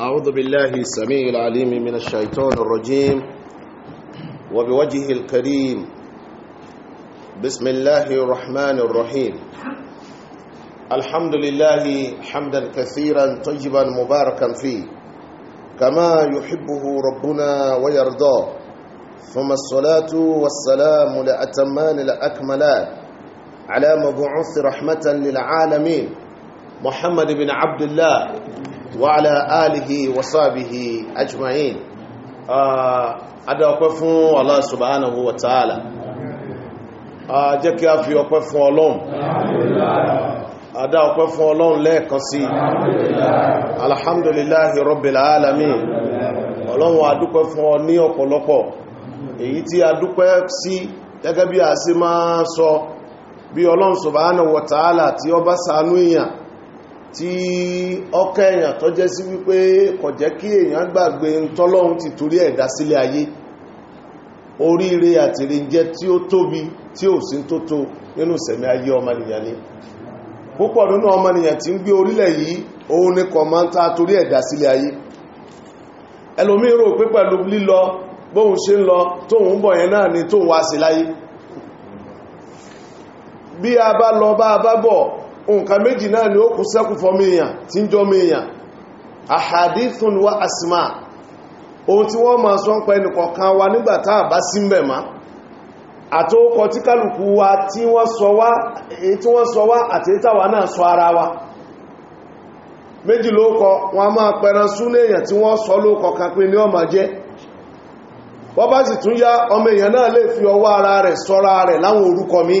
أعوذ بالله السميع العليم من الشيطان الرجيم وبوجهه الكريم بسم الله الرحمن الرحيم الحمد لله حمدا كثيرا طيبا مباركا فيه كما يحبه ربنا ويرضاه ثم الصلاة والسلام لأتمان لأكملان على مبعوث رحمة للعالمين محمد بن عبد الله وعلى آله وصحبه أجمعين adá fún Allah subhanahu wa jẹ́ kí a fi ọpẹ́ fún ọlọ́run adá fún ọlọ́run lẹ́ẹ̀kan sí alhamdulillahi rabbil ọlọ́run adúpẹ́ fún ọ ní ọ̀pọ̀lọpọ̀ èyí tí adúpẹ́ sí gẹ́gẹ́ bí a sì máa sọ bí ọlọ́run subhanahu wa tí bá tí ọkẹ́ èèyàn tó jẹ́ sí wípé kò jẹ́ kí èèyàn gbàgbé tọ́lọ́run ti torí ẹ̀dá sílé ayé oríire àti ríjẹ́ tí ó tóbi tí ò sí tó tó nínú sẹ̀mí ayé ọmọnìyàn ni púpọ̀ nínú ọmọnìyàn tí ń gbé orílẹ̀ yìí òun kọ̀ máa ń ta torí ẹ̀dá sílé ayé ẹlòmí bí nǹkan méjì náà ni ó kù sẹ́kù fọmíyàn tí ń jọmíyàn àhàdíthun wa asma ohun tí wọ́n máa sọ ń pẹ́ nìkọ̀kan wa nígbàtá àbá sí mẹ́ ma àtókọ tí kálùkù wa tí wọ́n sọ wá àti ìtàwà náà sọ ara wa méjì lóókọ wọn máa pẹran súnú èèyàn tí wọ́n sọ lóókọ kan pé ní ọmọ jẹ́ wọ́n bá sì tún yá ọmọ èèyàn náà lè fi ọwọ́ ara rẹ̀ sọ́ra rẹ̀ láwọn orúkọ míì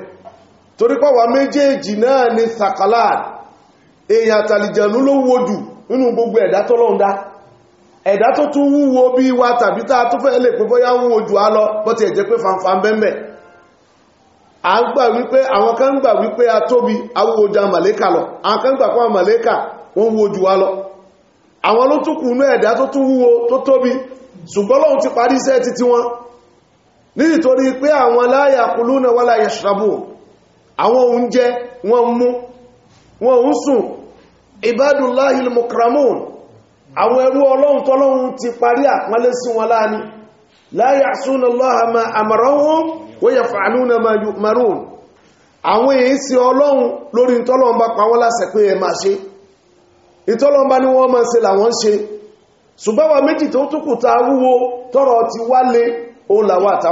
torí pàwà méjèèjì náà ni sakalan èyàn àtàlìjànú ló wojù nínú gbogbo ẹ̀dá tọ́lọ́run dá ẹ̀dá tó tún wúwo bí wa tàbí tá tó fẹ́ lè pé bóyá ń wojù á lọ bó ẹ̀jẹ́ pé fanfan bẹ́m̀bẹ̀ a ń gbà wípé àwọn kan gbà wípé a tóbi awúwojú a màlékà lọ àwọn kan gbà fún a màlékà wọ́n wojú wa lọ àwọn ló tún kùnú ẹ̀dá tó tún wúwo nítorí pé àwọn la yakuluna wala yashrabun àwọn oúnjẹ wọn mú wọn ń sùn ibadullahil mukramun àwọn ẹrú ọlọ́run tọ́lọ́run ti parí àpọ́nlé sí wọn láàní la ya'suna Allaha ma amarahum wa yaf'aluna ma yu'marun àwọn èyí sí ọlọ́run lórí ìtọ́lọ́run bá pa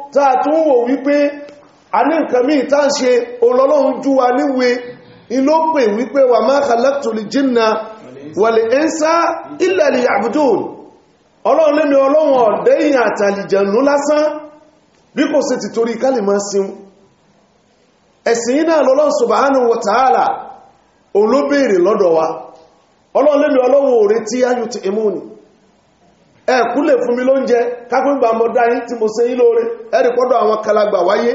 táà tún wò wípé a ní nǹkan míì tá ń ṣe olọ́lọ́run jú wa níwe iló wípé wà má khalaqtu l-jinna wal-insa illa liya'budun ọlọ́run lẹ́ni ọlọ́run ọ̀dẹ́ ìyàn àtàlìjẹ̀nú lásán bí kò sí ti torí kálìmọ́ síun ẹ̀sìn yìí náà lọ́lọ́run ọlọ́run lẹ́ni ọlọ́run ò retí ayùtì imúni ẹ̀kú lè fún mi lóúnjẹ kápíngbà mọ́dá mo se yín lóore ẹ̀rì pọ́dọ̀ àwọn kalagbà wáyé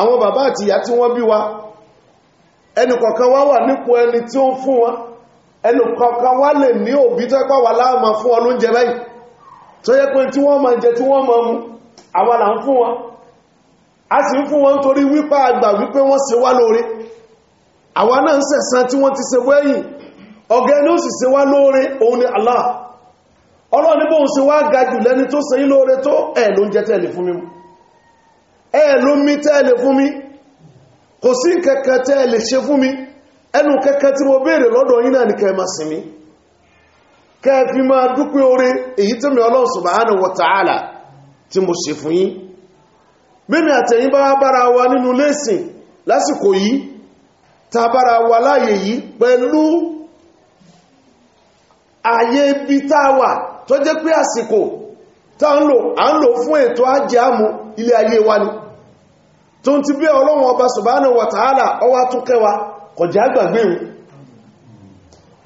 àwọn bàbá àti ìyá tí wọ́n bí wa ẹnì kọ̀ọ̀kan wá wà nípò ẹni tí ó ń fún wọn ẹnì kọ̀ọ̀kan wá lè ní òbí tó pàwà láàmà fún ọ báyìí tó yẹ pé tí wọ́n máa jẹ tí mu àwa là ń fún wọn a sì ń fún wọn torí wípé àgbà wípé wọ́n se wá lóore àwa náà ń sẹ̀san tí wọ́n ti wẹ́yìn ọ̀gá ẹni ọlọ́run ní bóhun sí wá ga jù lẹ́ni tó sẹ́yìn lóore tó ẹ̀ ló ń jẹ tẹ́lẹ̀ fún mi ẹ̀ ló mí tẹ́lẹ̀ fún mi kò sí kẹ́kẹ́ tẹ́lẹ̀ ṣe fún mi ẹnu kẹ́kẹ́ tí mo béèrè lọ́dọ̀ yín ni kẹ́ máa sinmi kẹ́ fi máa dúpẹ́ oore èyí tí mi ọlọ́run subhanahu wa ta'ala tí mo ṣe fún yín mímí àtẹ̀yìn bá bára wa nínú lẹ́sìn lásìkò yìí táwà tó jẹ́ pé àsìkò tá ń lò à ń lò fún ètò ajé àmú ilé ayé wa ni tó ń ti bí ọlọ́run ọba subhanahu wa ta'ala ọwá tún kẹwa kọjá gbàgbé ìwò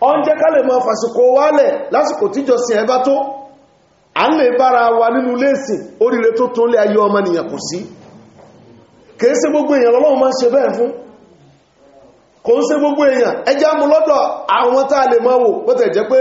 ọ ń jẹ́ ká lè máa fàsìkò wálẹ̀ lásìkò tíjọsìn ẹbá tó à ń lè bára wa nínú léèsìn oríire tó tó lé ayé ọmọnìyàn kò sí kìí ṣe gbogbo èèyàn lọ́lọ́run máa ṣe bẹ́ẹ̀ fún kò ń ṣe gbogbo èèyàn ẹjá mú lọ́dọ̀ àwọn tá a lè máa wò bó jẹ́ pé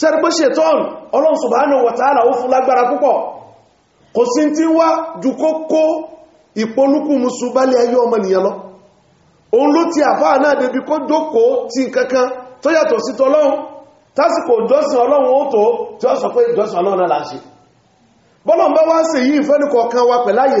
ṣẹ́rí pé ṣetán ọlọ́run subhanahu wa ta'ala ó fún lágbára púpọ̀ kò sí tí wá jù kó kó ìpolúkú musu bálẹ̀ ayé ọmọnìyàn lọ òun ló ti àfáà náà débi kó jókòó ti kankan tó yàtọ̀ sí tọ́lọ́run tásìkò ìjọsìn ọlọ́run ó tó tí ó sọ pé ìjọsìn ọlọ́run náà láṣe wa pẹ̀láyè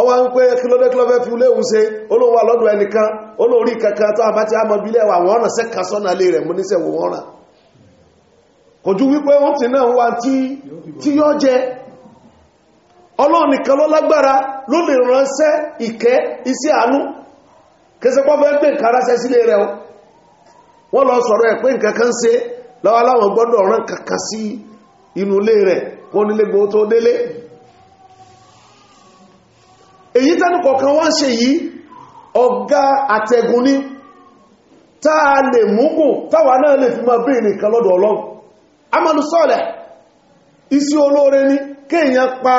ọwá ń pé kílódékílọ́fẹ́ fi léwu ṣe olówó lọ́dọ̀ ẹnìkan olórí kankan tó àbá tí a mọ̀ bí lẹ́wà àwọn ọ̀nà sẹ́ka sọ́nà lè rẹ̀ mú níṣẹ́ wò wọ́n rà kò ju wípé wọ́n ti náà wá tí yọ́ jẹ ọlọ́run ló lágbára ló lè ìkẹ́ iṣẹ́ àánú fẹ́ nǹkan sílé wọ́n lọ sọ̀rọ̀ ẹ̀ pé nǹkan kan ṣe lọ́wọ́ èyí tẹ́nu kọ̀ọ̀kan wọ́n ṣe yìí ọ̀gá àtẹ̀gùn ní táà lè múgùn táwà náà lè fi máa bèèrè nìkan lọ́dọ̀ ọlọ́run amalu sọ́ọ̀lẹ̀ isi olóore ní kéèyàn pa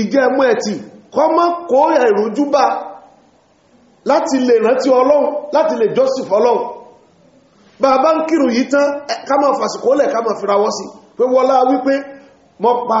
ìjẹmọ́ ẹ̀tì kọ́mọ́ kó ẹ̀rùjúbà láti lè rántí ọlọ́run láti lè jọ́sìn fọlọ́run bàbá ń kírun yìí tán ká máa fàsìkò ká máa firawọ́ sí pé wọ́lá wípé mọ́ pa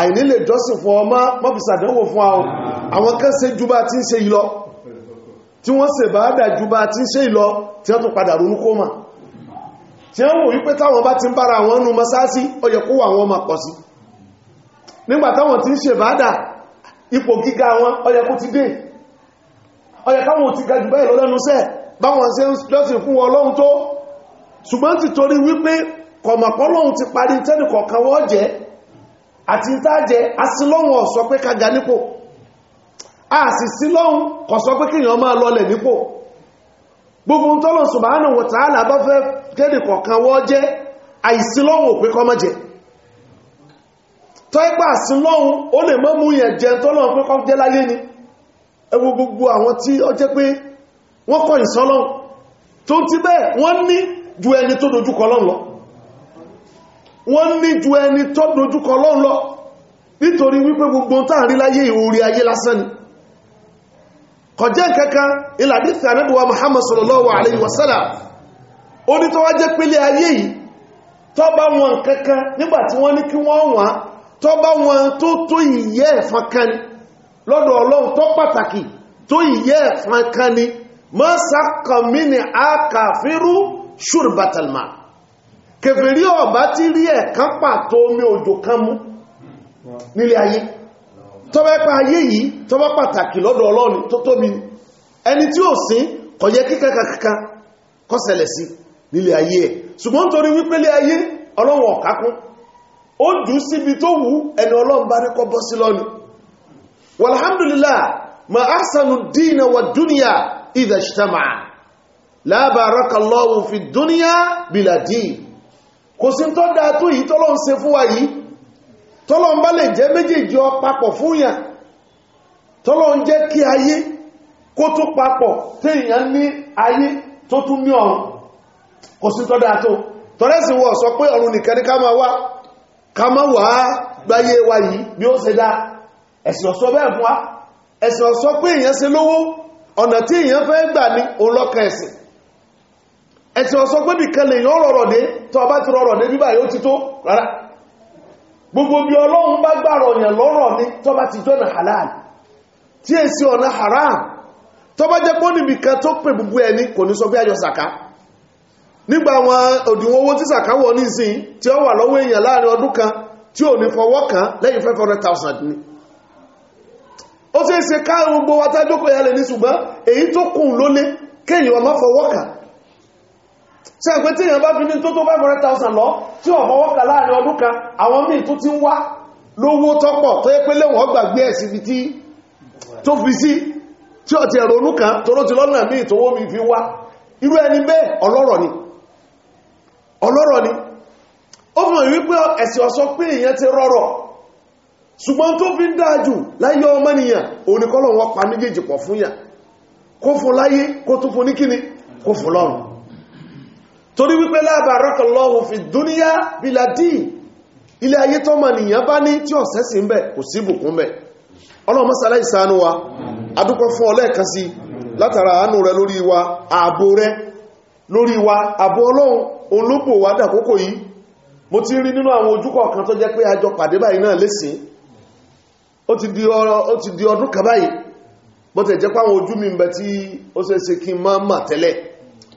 àìní lè jọ́sìn fún ọmọ mọ́fisàdánwò fún àwọn àwọn kan se ju bá ti ń ṣe ìlọ tí wọ́n ṣe bá dà ju bá ti ń ṣe ìlọ tí wọ́n tún padà ronú kó mà tí wọ́n wò wípé táwọn bá ti ń bára àwọn nú mọ́sáàsí ó yẹ kó wà wọn ma pọ̀ sí nígbà táwọn ti ń ṣe bá dà ipò gíga wọn ó yẹ kó ti dé ó yẹ káwọn ti ga jù báyìí lọ́lẹ́nu àti ìtajẹ asílọ́wọ̀n sọ pé a nípò àsìsílọ́hun kọ̀ sọ pé kíyàn máa lọlẹ̀ nípò gbogbo ń tọ́lọ̀ subhanahu wa bá fẹ́ kéde kọ̀kan wọ́ jẹ́ àìsílọ́hun òpé kọ́ mọ́jẹ tọ́ ipá àsílọ́hun ó lè mọ́ mú yẹn jẹ wọ́n ní ju ẹni tó dojúkọ Ọlọ́run lọ nítorí wípé gbogbo tàà rí láyé ìwúrí ayé lásán ni kọjẹ́ kankan ìlàdífì ànábíwá Muhammad sallallahu alaihi wasallam ó ní tó wá jẹ́ pélé ayé yìí tó bá wọn kankan nígbàtí wọ́n ní kí wọ́n wọ́n tó bá wọn tó tó ìyẹ́ ẹ̀fọn kan ni lọ́dọ̀ Ọlọ́run tó pàtàkì tó ìyẹ́ ẹ̀fọn kan ni mọ́sàkọ̀mí ni a kàfírú ṣùrùbátàlmáà kèfèrí ọ̀bá tí rí ẹ̀kan pàtó omi òjò kan mú nílé ayé tọ́bẹ́ pa ayé yìí tọ́bẹ́ pàtàkì lọ́dọ̀ ọlọ́ni tó tóbi ẹni tí ó sín kọ̀yẹ kíkàkàkà kọ́sẹ̀lẹ̀ sí nílé ayé ẹ̀ ṣùgbọ́n torí wípé lé ayé ọlọ́wọ̀n ọ̀kákún ó jù síbi tó wù ẹni ọlọ́run kò sí tó dáa tó yìí tọ́lọ́ ń ṣe fún wa yìí tọ́lọ́ ń bá lè jẹ́ méjèèjì ọ papọ̀ fún yà tọ́lọ́ ń jẹ́ kí ayé kó tó papọ̀ téèyàn ní ayé tó tún ní ọ̀run kò sí tó dáa tó tọ́lẹ́sì wọ́n sọ pé ọ̀run nìkan ní ká máa wá ẹ̀sìn ọ̀sọ́ pé nìkan lè yán rọrọ̀ dé tó ọba ti rọrọ̀ dé bíbá yóò ti tó rárá gbogbo bí ọlọ́run bá gbàrọ̀ yàn lọ́rọ̀ ní bá ti halal tí è sí ọ̀nà haram tó bá jẹ́ tó pè gbogbo ẹni kò ní sọ bí ayọ̀ sàká nígbà àwọn òdìwọ̀n owó tí sàká wọ tí ó ni wa ṣe ẹ̀pẹ́ tí èyàn bá fi ní tó tó 500,000 lọ tí ó fọwọ́kà láàrin ọdún kan àwọn míì tó ti ń wá lówó tọ́pọ̀ tó yẹ pé lẹ́wọ̀n gbàgbé ẹ̀ tí tó fi sí tí ó ti ẹ̀rọ onúkan tó ló ti lọ́nà míì tó wó mi fi wá irú ẹni ọlọ́rọ̀ ni fi hàn wípé ọ̀sọ́ pé ti rọrọ̀ ṣùgbọ́n tó fi ń láyé wọn pa pọ̀ fún yà kó torí wípé la barakallahu fi dúníyà bíládì ilé ayé tó mọ̀ nìyàn bá ní tí ọ̀sẹ́ sí ń bẹ̀ kò sí bùkún bẹ̀ ọlọ́run mọ́sálá ìsànú wa adúpẹ́ fún ọlẹ́ẹ̀kan sí látara àánú rẹ lórí wa ààbò rẹ lórí wa ààbò ọlọ́run olóògbò wa dàkókò yìí mo ti rí nínú àwọn ojúkọ̀ kan tó jẹ́ pé àjọ pàdé báyìí náà lẹ́sìn ó ti di ọdún kan báyìí bó tẹ̀ jẹ́ pé àwọn ojú mi ń bẹ tí ó ṣeéṣe kí n máa mà tẹ́lẹ̀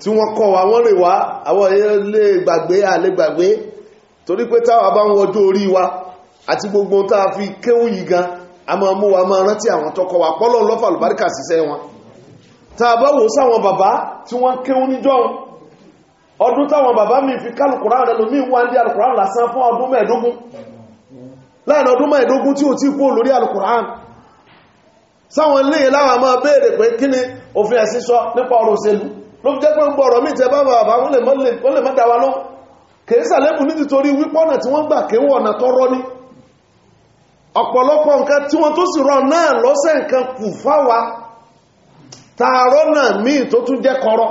tí wọ́n kọ́ wa wọ́n lè wá àwọn ilé gbàgbé alẹ́ gbàgbé torí pé táwa bá ń wọjú orí wa àti gbogbo táa fi kéwù yìí gan a máa mú wa máa rántí àwọn tọkọ wa pọ́lọ̀ lọ́fà lùbáríkà síṣẹ́ wọn táa bá wò sáwọn bàbá tí wọ́n kéwù níjọ́ ọdún táwọn bàbá mi fi kálùkùrán rẹ̀ ló fi jẹ́ pé ń bọ̀ ọ̀rọ̀ mìí tẹ bá bàbá wọ́n lè má dáwà lọ kèésà lẹ́bù ní títorí wípọ́nà tí wọ́n gbà kéwọ́ ọ̀nà tọ́rọ́ ní ọ̀pọ̀lọpọ̀ nǹkan tí wọ́n tó sì rọ náà lọ́sẹ̀ nǹkan kù fáwa tààrọ́ náà míì tó tún jẹ́ kọrọ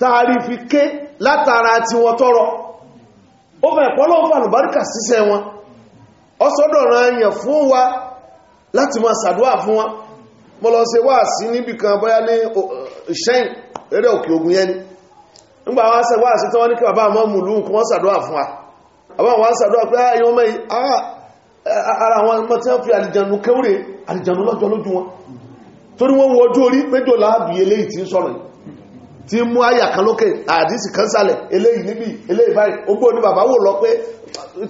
tààrí fi ké látara tí wọ́n tọ́rọ ó fẹ́ pọ́lọ́ fàlùbáríkà síṣẹ́ wọn ọsọ́dọ̀ ràn yàn fún wa láti máa ṣàdúà fún wọn mo lọ ṣe wá níbìkan bóyá ní ṣẹ́yìn eré òkè ogun yẹn ni nígbà wá sẹ wá sí tọ́wọ́ ní kí bàbá àmọ́ mú lù nǹkan wọ́n sàdúrà fún wa bàbá wọn sàdúrà pé ààyàn ah, mẹ́ ah, ah, ara wọn mọ́ tí wọ́n fi àlìjànú kéwúrè àlìjànú lọ́jọ́ lójú wọn torí wọ́n wo ojú orí péjò láàbì eléyìí tí ń sọ̀rọ̀ tí mú àyà kan lókè àdísì kan sálẹ̀ eléyìí níbi eléyìí báyìí ogbó ní bàbá wò lọ pé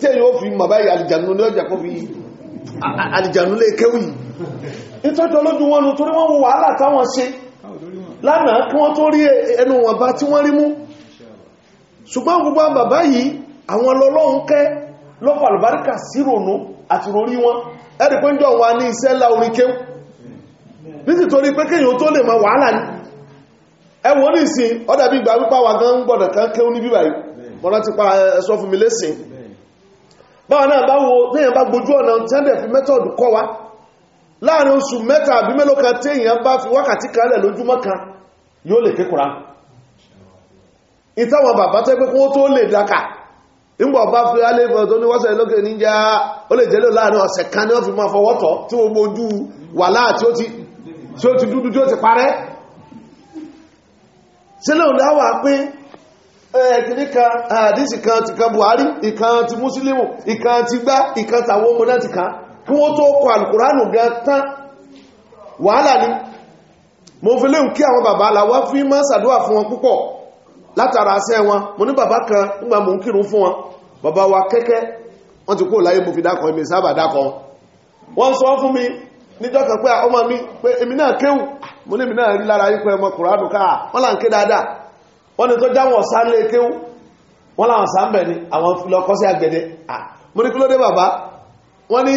tí èyí ó fi mọ̀ báyìí àlìjànú ní ọjà kó fi àlìjànú lé kéwì ìtọ́jọ́ lójú wọn torí wọ́n wo wàhálà táwọn ṣe lánàá kí wọ́n tó rí ẹnu wọn bá tí wọ́n rí mú ṣùgbọ́n gbogbo bàbá yìí àwọn lọ́lọ́run kẹ́ lọ́pàá àlùbáríkà sí ronú àti rorí wọn ẹ̀rì pé ń jọ wà ní iṣẹ́ lá orí kéw nítorí pé kéèyàn tó lè mọ pa ẹ̀sọ́ fún mi lẹ́sìn báwọn náà bá wo téèyàn bá gbójú ọ̀nà tẹ́ndẹ̀ láàrin oṣù mẹ́ta àbí mélòó kan tí èyàn bá fi wákàtí kalẹ̀ lójúmọ́ kan yóò lè kékùrá ìtàwọn bàbá tẹ́ pé kó tó lè dákà nígbà bá fi alẹ́bọ̀ tó ní wọ́sẹ̀ lókè níjá ó lè jẹ́lẹ̀ láàrin ọ̀sẹ̀ kan ní ó fi máa fọwọ́tọ̀ tí ó gbójú wà láà tí ó ti dúdú tí àdísì kan ti kan Buhari ìkan ti Mùsùlùmù ìkan ti gbá ìkan tàwọn ọmọ ti kan kí wọ́n tó kọ alkùránù gan tán wàhálà ni mo fi léhùn kí àwọn bàbá aláwọ́ fi máa sàdúwà fún wọn púpọ̀ látara asẹ́ wọn mo ní bàbá kan nígbà mo ń kírun fún wọn bàbá wa kẹ́kẹ́ wọ́n ti kó láyé mo fi dákan èmi sábà dákan wọ́n sọ fún mi níjọ́ kan pé ọmọ mi pé èmi náà kéwù mo ní èmi náà wọ́n ni kí ló dé bàbá wọ́n ní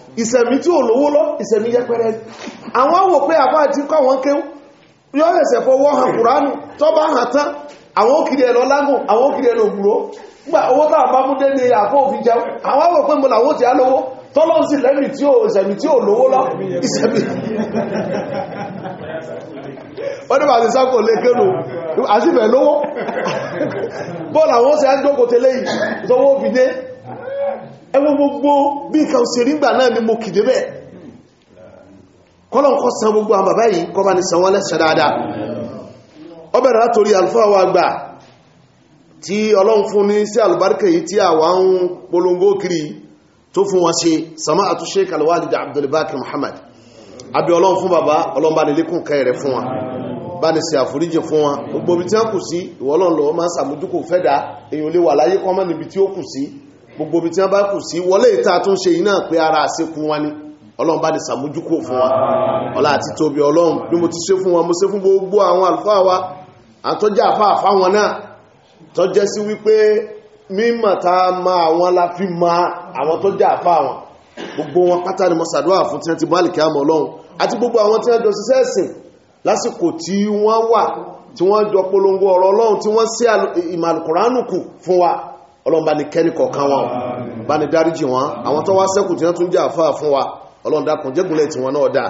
ìsẹ̀mí tí ò lówó lọ ìsẹ̀mí yẹpẹrẹ àwọn wò pé àbá àti kọ́ àwọn kéwú yọ́ ẹ̀sẹ̀ fọwọ́ hàn kùránù tó hàn tán àwọn òkìdẹ̀ ẹ̀lọ lágùn àwọn òkìdẹ̀ ẹ̀lọ ògbúrò gbà owó tàà bá múdé ní àfọ́ òfin jẹun àwọn àwọn òpin mọ́lá owó tí a lówó tọ́lọ́n ti ẹwọ gbogbo bí nǹkan ṣe rí gbà náà ni mo kìdé bẹ́ẹ̀ kọ́lọ̀kọ́ san gbogbo àwọn bàbá yìí kọ́ bá ní san wọ́n lẹ́sẹ̀ látorí àlùfáà wa gbà tí ọlọ́run fún ní sí àlùbáríkà yìí tí àwa ń polongo kiri tó fún wọn ṣe sama àtúnṣe muhammad àbí ọlọ́run fún bàbá ọlọ́run bá ní lékún kẹrẹ fún wa bá ní ṣe àforíjì fún wa gbogbo ibi tí gbogbo ibi tí wọ́n bá kù sí wọlé ìta tó ń ṣe iná pé ara àṣekú wọn ni ọlọ́run bá ní sàmójúkò fún wa ọlá àti tóbi ọlọ́run bí mo ti ṣe fún wa mo ṣe fún gbogbo àwọn àlùfáà wa àtọ́jà àfáà fáwọn náà tọ́jẹ́ sí wípé mímọ̀ ma àwọn la ma àwọn tọ́jà àfáà wọn gbogbo wọn pátá ni mo ṣàdúrà fún tí wọ́n ti bá àlìkẹ́ àmọ́ ọlọ́run àti gbogbo àwọn tí wọ́n jọ ṣiṣẹ́ ẹ̀sìn lásìkò tí wọ́n wà tí wọ́n jọ polongo ọ̀rọ̀ ọlọ́run tí wọ́n sí ìmàlùkùránù kù fún wa ọlọ́run bá ní kẹ́ni kọ̀ọ̀kan wọn bá ní dáríjì wọn àwọn tó wá sẹ́kù tí wọ́n tún jẹ́ àfáà fún wa ọlọ́run dákun jẹ́gùnlẹ̀ tí wọn náà dá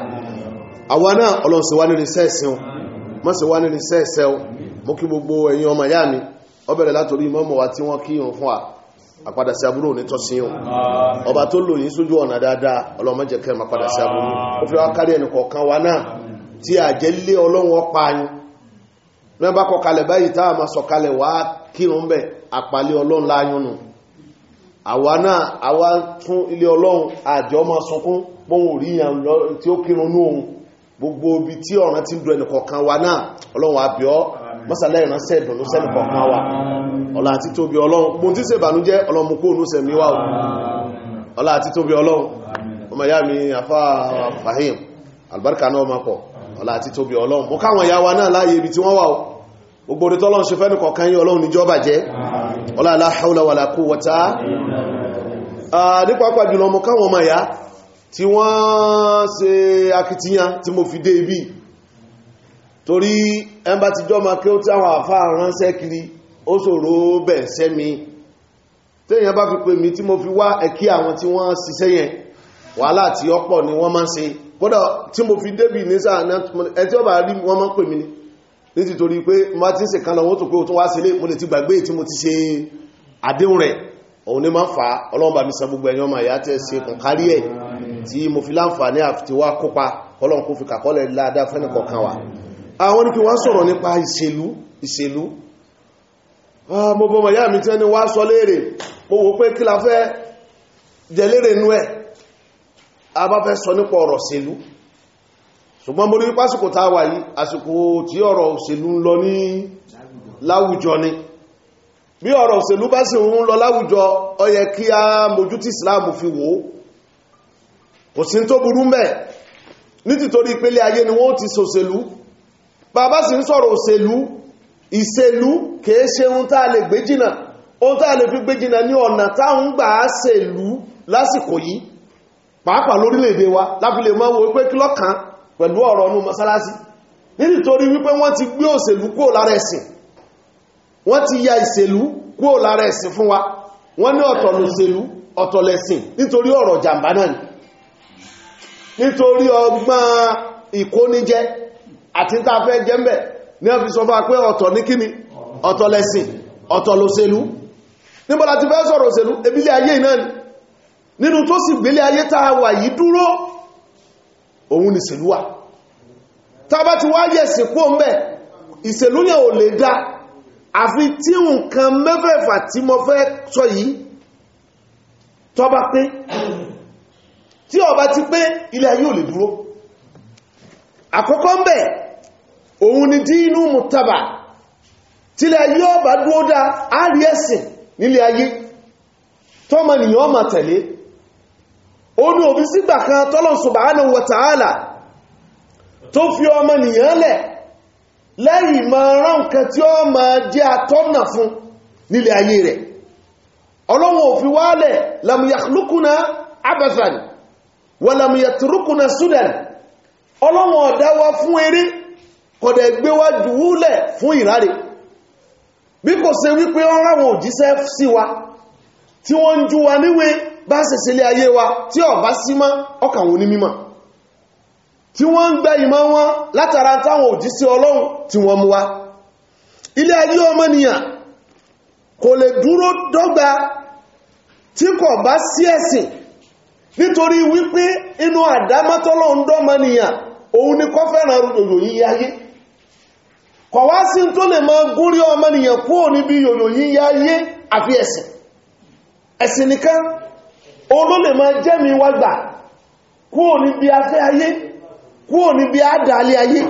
àwa náà ọlọ́run sì wá ní rìsẹ́ẹ̀sì wọn mọ́ sì wá ní rìsẹ́ẹ̀sẹ̀ wọn mo kí gbogbo ẹ̀yin ọmọ ìyá mi ó bẹ̀rẹ̀ látòrí mọ́mọ́ wa tí wọ́n kí àpàlé ọlọ́run láyúnnù àwa náà àwa tún ilé ọlọ́run àjọ ọmọ sunkún bóhun rí yàn tí ó kírun ní ohun gbogbo ibi tí ọ̀ràn ti ń dùn ẹnìkọ̀ọ̀kan wa náà ọlọ́run àbíọ́ mọ́sàlẹ̀ ìránṣẹ́ ìdùnnú sẹ́nìkọ̀ọ̀kan wa ọlá àti tóbi ọlọ́run mo ti ṣe ìbànújẹ́ ọlọ́run kó ònú sẹ̀mí wà ọlá àti tóbi ọlọ́run ọmọ ìyá mi afá fahim albarka náà máa pọ̀ ọlá àti tóbi ọlọ́run mo ọlọ́run níjọ́ bàjẹ́ ọlá la hawla wala quwwata ah, nípa pàpà jùlọ mọ̀ káwọn ọmọ ìyá tí wọ́n ṣe akitiyan tí mo fi dé ibi torí ẹmbà ti jọ ma kí ó tí àwọn àfá ránṣẹ́ kiri ó ṣòro bẹ̀ sẹ́mi téèyàn bá fi pè mí tí mo fi wá ẹ̀kí àwọn tí wọ́n ṣiṣẹ́ yẹn wàhálà tí ọ̀pọ̀ ni wọ́n máa ń ṣe kódà tí mo fi débì ní sáà ẹtí ọba rí wọ́n máa ń pè mí ni ní ti torí pé martin se kan lọ́wọ́ tó pé o tún wá sílé mo lè ti gbàgbé tí mo ti ṣe àdéhùn rẹ̀ òun ní máa ń fa ọlọ́mbà mi san gbogbo ẹ̀yàn ọmọ ìyá tẹ́ ṣe kùn kárí ẹ̀ tí mo fi láǹfààní àfitiwá kópa ọlọ́run wa àwọn ah, ni ah, wá sọ léèrè mo wò pé kí la fẹ́ jẹ léèrè nú ẹ̀ a bá fẹ́ sọ nípa ṣùgbọ́n mo rí pásìkò tá a wà yìí àsìkò tí ọ̀rọ̀ òṣèlú ń lọ ní láwùjọ ni bí ọ̀rọ̀ òṣèlú bá sì ń lọ láwùjọ ó yẹ kí a mojú tí Islam fi wò ó kò sí tó burú mẹ́ nítìtorí ìpele ayé ni wọ́n ti ṣòṣèlú bàbá sì ń sọ̀rọ̀ òṣèlú ìṣèlú kìí ṣe ohun tá a lè gbé jìnà ohun tá a lè fi gbé jìnà ní ọ̀nà táwọn gbà á ṣèlú lásìkò yìí pàápàá lórílẹ̀-èdè wa láfi lè mọ́ wo pé kí lọ́kàn pẹ̀lú ọ̀rọ̀ masalasi mọ́sálásí nítorí wípé wọ́n ti gbé òṣèlú kúrò lára ẹ̀sìn wọ́n ti ya ìṣèlú kúrò lára ẹ̀sìn fún wa wọ́n ní ọ̀tọ̀ lòṣèlú ọ̀tọ̀ lẹ̀sìn ni nítorí ọgbọ́n ìkóníjẹ àti tàfẹ́ jẹ́mbẹ̀ ní ọ fi sọ fún pé ọ̀tọ̀ ní kíni ọ̀tọ̀ lẹ̀sìn ọ̀tọ̀ lòṣèlú níbo la ti fẹ́ sọ̀rọ̀ òṣèlú ebílẹ̀ ayé náà ni nínú tó sì gbélé ayé tá a wà yìí dúró òun ni ìṣèlú wà tàbá ti wá yẹ̀ sí pò ń bẹ̀ ìṣèlú yẹn ò lè dá àfi tí nǹkan mẹ́fẹ̀ẹ̀fà tí mo fẹ́ sọ yìí tó pé tí ó ti pé ilẹ̀ ayé ò lè dúró àkọ́kọ́ ń òun ni dínú mùtàbà tílẹ̀ ayé ó bá dá àrí ẹ̀sìn nílẹ̀ ayé tọ́mọ nìyàn ọmọ tẹ̀lé onu òbí sígbà kan tọ́lọ̀ subhanahu wa ta'ala tó fi ọmọ nìyàn lẹ̀ lẹ́yìn ma rán nǹkan tí ó ma jẹ́ atọ́nà fún nílé ayé rẹ̀ ọlọ́wọ́ òfin wálẹ̀ lam yakhlukuna abathan wa lam sudan ọlọ́wọ́ ọ̀dá wa fún eré kọ̀dẹ̀ gbé wá jùwúlẹ̀ fún ìráre bí kò ṣe wípé ọ́n ráwọn sí wa tí wọ́n ń bá sẹ̀sẹ̀lẹ̀ ayé wa tí ó bá sí mọ́ ọkàn wọn mímọ̀ tí wọ́n ń ìmọ̀ wọn látara táwọn òjíṣẹ́ ọlọ́run tí wọ́n mú wá ilé ayé ọmọnìyàn kò lè dúró dọ́gba tí kò bá sí ẹ̀sìn nítorí wípé inú àdámọ́tọ́lọ́ ń dọ́mọnìyàn òun ni kọ́ fẹ́ràn kọ̀ wá sí tó lè máa gúnrí ọmọnìyàn kúrò níbi àfi ẹ̀sìn olólè máa jẹ́mi wágbà kúò níbi afẹ́ ayé kúò níbi àdàlẹ́ ayé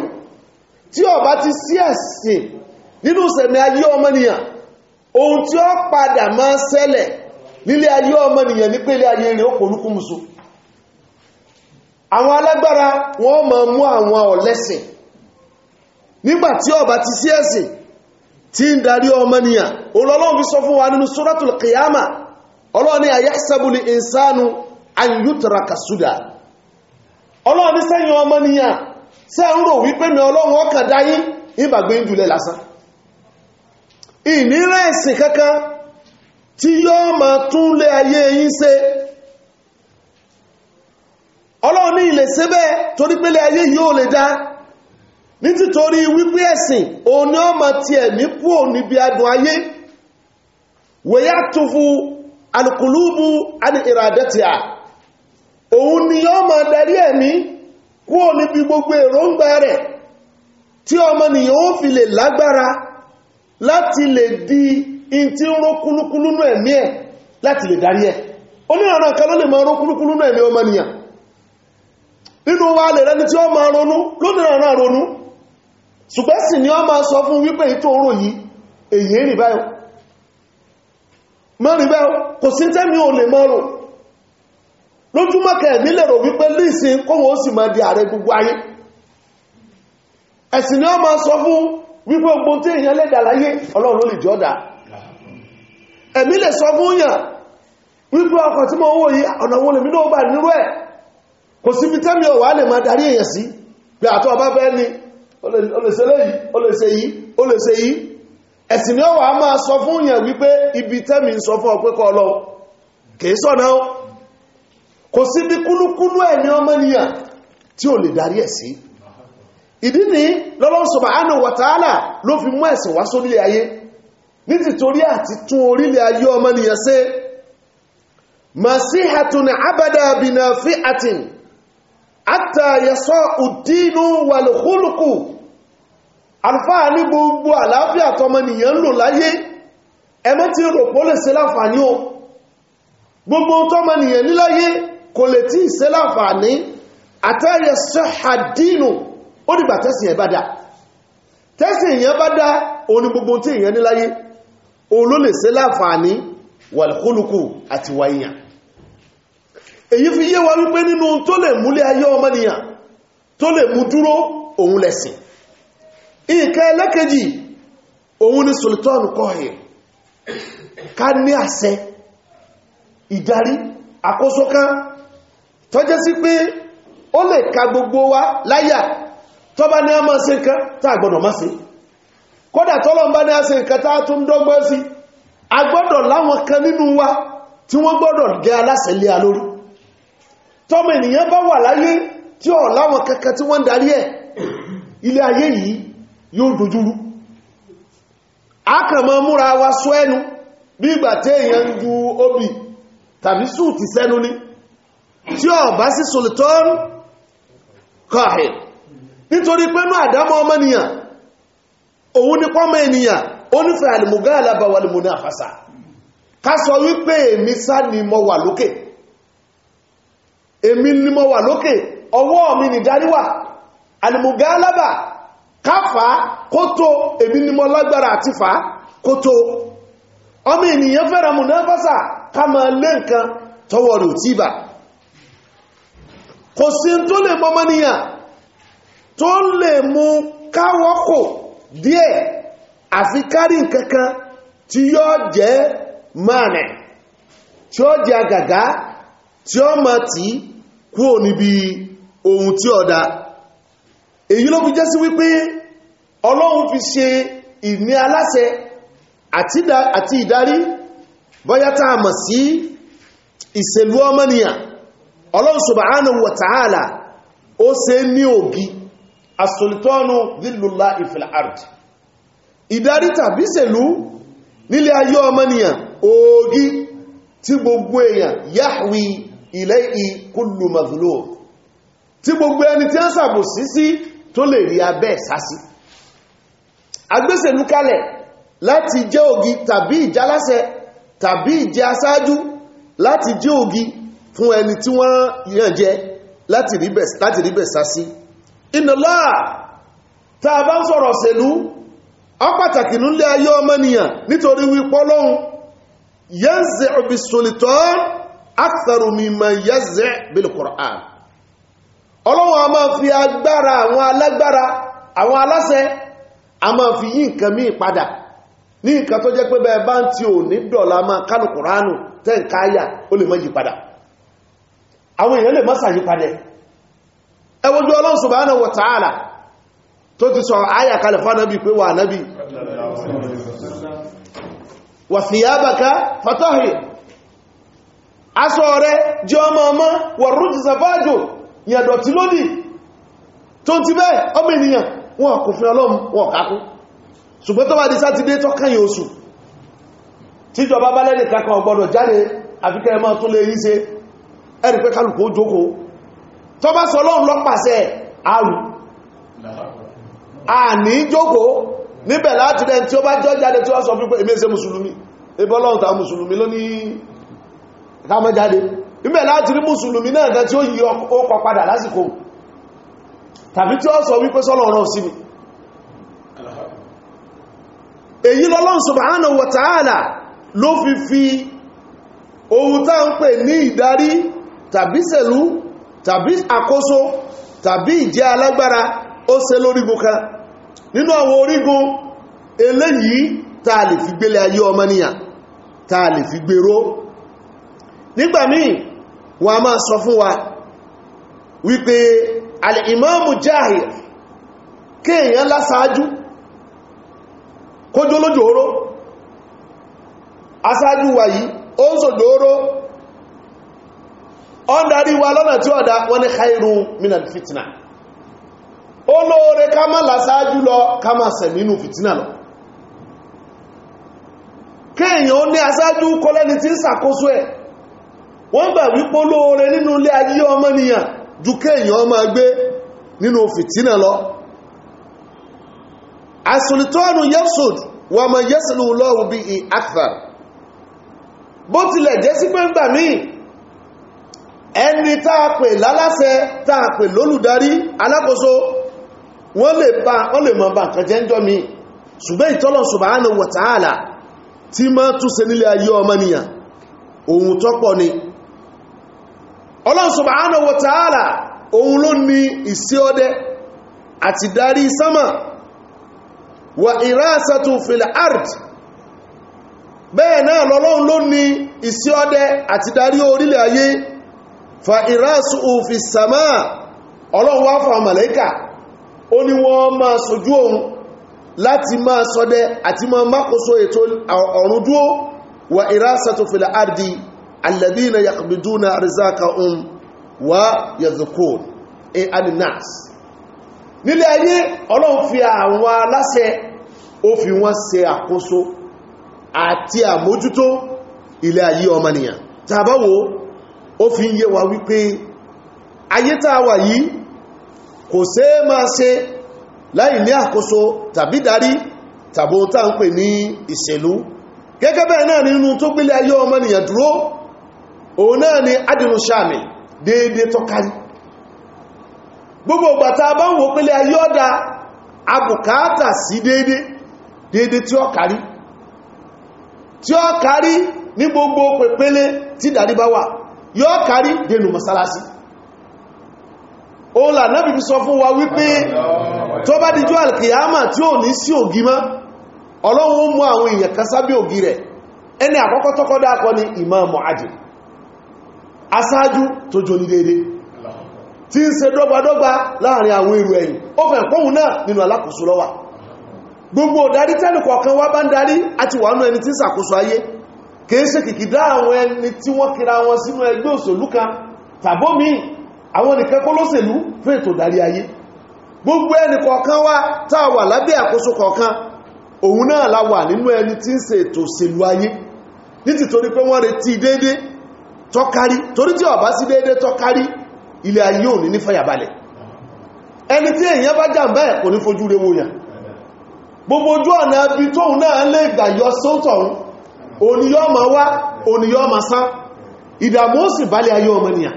tí ó bá ti sí ẹ̀sìn nínú sẹ̀mí ayé ọmọnìyàn ohun tí ó padà máa ṣẹlẹ̀ nílé ayé ọmọnìyàn ní pé ilé ayé rẹ̀ ó pòlúkúmuso àwọn alágbára wọ́n máa mú àwọn ọ̀lẹ́sìn nígbàtí ó bá ti sí ẹ̀sìn tí ń darí ọmọnìyàn olọ́lọ́run fi sọ fún wa nínú suratul qiyamah ọlọ́ni àyásẹ́bùlì ìsánu àyútàràkà súdà ọlọ́ni sẹ́yìn ọmọ níyà sẹ́ ń rò wípé mi ọlọ́run ọkàn dáyí ìbàgbé ń jùlẹ̀ lásán ìnírẹ̀ ẹ̀sìn kankan tí yóò ma tún lé ayé yín ṣe ọlọ́ni ilẹ̀ sẹ́bẹ̀ torí pé lé ayé yóò lè dá nítìtorí wípé ẹ̀sìn òní ọmọ tiẹ̀ ní kú òní adùn ayé wèyá tó fún alùkùlùbù alìràdẹ́tìá òun ni yọ ma darí ẹ̀mí kúrò níbi gbogbo èròǹgbà rẹ̀ tí ọmọnìyàn ó fi lè lágbára láti lè di in ti ń ró kúlúkúlú nú ẹ̀mí ẹ̀ láti lè darí ẹ̀ kan ló lè ma ró kúlúkúlú nú ẹ̀mí ọmọnìyàn nínú wa lè rẹni tí ó ma ronú lónìrànà ronú ṣùgbẹ́sì ni sọ fún wípé yìí èyí rìn mọ́rin bẹ́ kò sí tẹ́mi ò lè lójúmọ́kẹ̀ mi wípé lísìn kóhùn ó sì máa di ààrẹ gbogbo ayé ẹ̀sìn ni ó máa sọ fún wípé ogun tí èèyàn lẹ́dà láyé ọlọ́run lè jọ́dà ẹ̀mí lè sọ fún yàn wípé ọkọ̀ tí mo wó yí ọ̀nà wọn lèmi náà bà nírú ẹ̀ kò síbi tẹ́mi ò wà lè máa darí èèyàn sí pé àtọ́ ọba fẹ́ ni ó lè ẹ̀sìn ni ó wà á máa sọ fún yẹn wípé ibi tẹ́mi ń sọ fún ọpẹ́kọ́ ọlọ́ kìí sọ̀nà ó kò sí bí kúlúkúlú ẹ̀ ní ọmọnìyàn tí ò lè darí ẹ̀ ìdí ni lọ́lọ́hun subhanahu wa ta'ala ló fi mú ẹ̀sìn wá sórílẹ̀ ayé ní àti tún orílẹ̀ ayé ọmọnìyàn abada binafi'atin hatta yasa'u ad-dinu wal alfáà ní gbogbo àlàáfíà tọmọnìyàn lò láyé ẹmọ́ tí rò pó lè ṣe láǹfààní o gbogbo tọmọnìyàn níláyé kò lè tí ṣe láǹfààní àtẹ́yẹ sọ́hàdínù ó dìgbà tẹ́sìn ẹ̀ bá dá tẹ́sìn èyàn bá dá òní gbogbo tí èyàn níláyé òun ló lè ṣe láǹfààní wàlúkúlùkù àti wáyìyàn èyí fi yé wa wípé nínú tó lè múlé ayé ọmọnìyàn tó lè mú dúró òun lẹ̀sìn ìkẹ́ ẹlẹ́kẹ́jì òun ni sultan kọ́hì ká ní àṣẹ ìdarí àkóso kan sí pé ó lè ka gbogbo wa láyà tó bá ní a máa ṣe nǹkan tá agbọdọ máa ṣe kódà tọ́lọ̀ bá ní a se nǹkan tá tún dọ́gbọ́n sí kan nínú wa tí wọ́n gbọ́dọ̀ gẹ aláṣẹ alórí tọ́mọ ènìyàn bá wà láyé tí ọ̀ láwọn kankan tí wọ́n darí yóò dojúrú akàmọ́ múra wa sọ ẹnu bí ìgbà tí èyàn ń ju obì tàbí súùtì sẹ́nu ní tí ó bá sí sultan kahil nítorí pẹ́nú àdámọ́ ọmọnìyàn òun ní pọ́mọ ènìyàn ó nífẹ́ àlìmùgá alábàwà lèmùní àfàsà ká sọ wípé èmi sá ni mo wà lókè èmi ni mo wà lókè ọwọ́ mi nìdáríwà àlìmùgá alábàá káfà kótó èmi ni mo lágbára àti fà kótó ọmọ ènìyàn fẹ́ràn mù náà fásà ká máa lé nǹkan tọwọ́ rẹ̀ tí bà kò sí tó lè mọ́mọ́ tó lè mú káwọ́kò díẹ̀ àfi kárí nǹkankan tí yóò jẹ́ mánẹ̀ tí ó jẹ́ ohun tí ọ̀dá èyí ló fi jẹ́ sí wípé ọlọ́run fi ṣe ìní aláṣẹ àti ìdarí bọ́yá tá a mọ̀ sí ìṣèlú ọmọnìyàn ọlọ́run subhanahu wa ta'ala ó ṣe ní ògì asòlítọ́nù lílùlá fil ard ìdarí tàbí ìṣèlú nílé ayé ọmọnìyàn ògì tí gbogbo èèyàn yahwi ilayhi kullu mazlum tí gbogbo ẹni tí ń ṣàbòsí sí tó lè rí abẹ́ ìsásí agbésẹ̀lú kalẹ̀ láti jẹ́ ògì tàbí ìjálásẹ tàbí ìjẹ asáájú láti jẹ́ ògì fún ẹni tí wọ́n yàn jẹ láti rí bẹ̀ sásí ìnàlá tàà bá ń sọ̀rọ̀ sẹ̀lú ọ pàtàkì nílé ayé ọmọnìyàn nítorí wípé Ọlọ́hun yẹ́zẹ̀ òbí solitọ́ akthar mimma yẹ́zẹ̀ bil Qur'an ọlọ́run a máa fi agbára àwọn alágbára àwọn aláṣẹ a máa fi yí nǹkan míì padà ní nǹkan tó jẹ́ pé bẹ́ẹ̀ bá ń ti ò ní dọ̀la máa kánù kùránù tẹ́ǹkáyà ó lè má yí padà àwọn èèyàn lè má ṣàyí padà ẹ wojú ọlọ́run ìyẹ̀dọ̀tí lódì tó ti bẹ́ẹ̀ ọmọ ènìyàn wọn kò fi ọlọ́run wọn kákún ṣùgbọ́n tó bá di sátidé tọ́kàn yóò sùn tíjọba bá lẹ́nì kankan ọgbọ́dọ̀ jáde àfikẹ́ ẹmọ́ tó lè rí ṣe ẹ̀rì pé kálùkù jókó tó bá sọ lọ́run lọ́pàṣẹ àrùn àní jókó níbẹ̀ láti rẹ̀ tí níbẹ̀ láti rí mùsùlùmí náà dá tí ó yí ọkọ̀ padà lásìkò tàbí tí ó sọ wípé sọ́lọ̀ ọ̀rọ̀ sí mi èyí lọ́lọ́n subhanahu wa ló fi fi ohun tá ń pè ní ìdarí tàbí sẹ̀lú tàbí àkóso tàbí ìjẹ́ alágbára ó se lórígun kan nínú àwọn orígun wọ́n a máa sọ fún wa wípé al'imamu jahir kéèyàn lásáájú kójó lójòóró asáájú wà yìí ó ń sòjòóró ọ́n darí wa lọ́nà tí ọ̀dá wọ́n ní khairu minal fitna ó lóore ká má lásáájú lọ ká má sẹ̀mínú fitna lọ kéèyàn ó ní asáájú kọ́lẹ́ni tí ń sàkóso ẹ̀ wọ́n gbà wípó lóore nínú ilé ayé ọmọnìyàn ju kéèyàn ọmọ gbé nínú fìtínà lọ asùlítọ́nù yẹ́sùd wà mọ̀ yẹ́sùlù lọ́wọ́ bí i akthar bó tilẹ̀ jẹ́ sí pé ń gbà míì ẹni táa pè láláṣẹ lólùdarí alákòóso wọ́n lè bá wọ́n lè mọ̀ bá nǹkan jẹ́ ń jọ mi ṣùgbẹ́ ìtọ́lọ̀ subhanahu wa ta'ala tí máa túnṣe nílé ayé ọmọnìyàn ohun tọ́pọ̀ ni Ọlọ́run subhanahu wa ta'ala òun ló ní ìsí ọdẹ àti darí sánmà wà ìrásàtù fil ard bẹ́ẹ̀ náà lọ́lọ́run ló ní ìsí ọdẹ àti darí orílẹ̀ ayé fa ìrásù fi sàmà ọlọ́run wá fún àmàlẹ́kà ó ní wọ́n máa sojú òun láti máa ṣọdẹ àti máa mákòóso ètò ọ̀run dúó wà ìrásàtù fil ardi alladhina yaqbiduna arzakahum wa yazkun e alinas nílé ayé ọlọ́run fi àwọn aláṣẹ ó fi wọ́n ṣe àkóso àti àmójútó ilé ayé ọmọnìyàn tàbáwò ó fi ń yé wa wípé ayé tàà wà yìí kò se é máa ṣe láì ní àkóso tàbí darí tàbí ohun tàà ń pè ní ìṣèlú gẹ́gẹ́ bẹ́ẹ̀ náà nínú tó gbélé ayé ọmọnìyàn dúró o náà ni adìrún sàmì déédé gbogbo gbata bá ń wò pélé ayé ọ́dá abùkátà sí déédé déédé tí ó tí ó ní gbogbo pèpélé tí dàrí bá wà yóò kárí dénú mọ́sálásí là náà sọ fún wa wípé tó bá dijú alkiyama tí ò ní sí ògí mọ́ ọlọ́run ó aṣáájú tó jò ní dédé tí ń ṣe dọ́gbadọ́gba láàrin àwọn èrò ẹ̀yìn ó fẹ́ kóhun náà nínú alákòóso lọ́wà gbogbo òdarí tẹ́lùkọ̀ọ̀kan wá bá ń darí àti wà nú ẹni tí ń ṣàkóso ayé kìí ṣe kìkìdá àwọn ẹni tí wọ́n kira wọn sínú ẹgbẹ́ òṣèlú kan tàbómi àwọn nìkan kó lóṣèlú fún ètò darí ayé gbogbo ẹni kọ̀ọ̀kan wá táà wà lábẹ́ àkóso kọ̀ọ̀kan òun náà la wà nínú ẹni tí ń ṣe ètò òṣèlú ayé nítìtorí pé wọ́n retí déédéé tọ́kárí torí tí ọ̀bá sí déédé tọ́kárí ilẹ̀ ayé òní ní fàyàbalẹ̀ ẹni tí èyàn bá jàmbá ẹ̀ kò ní fojú rewo yàn gbogbo ojú ọ̀nà ibi tóun náà lè gbà yọ sótọ̀un oníyọ́ ma wá oníyọ́ ma sán ìdàmú ó sì bálẹ̀ ayé ọmọnìyàn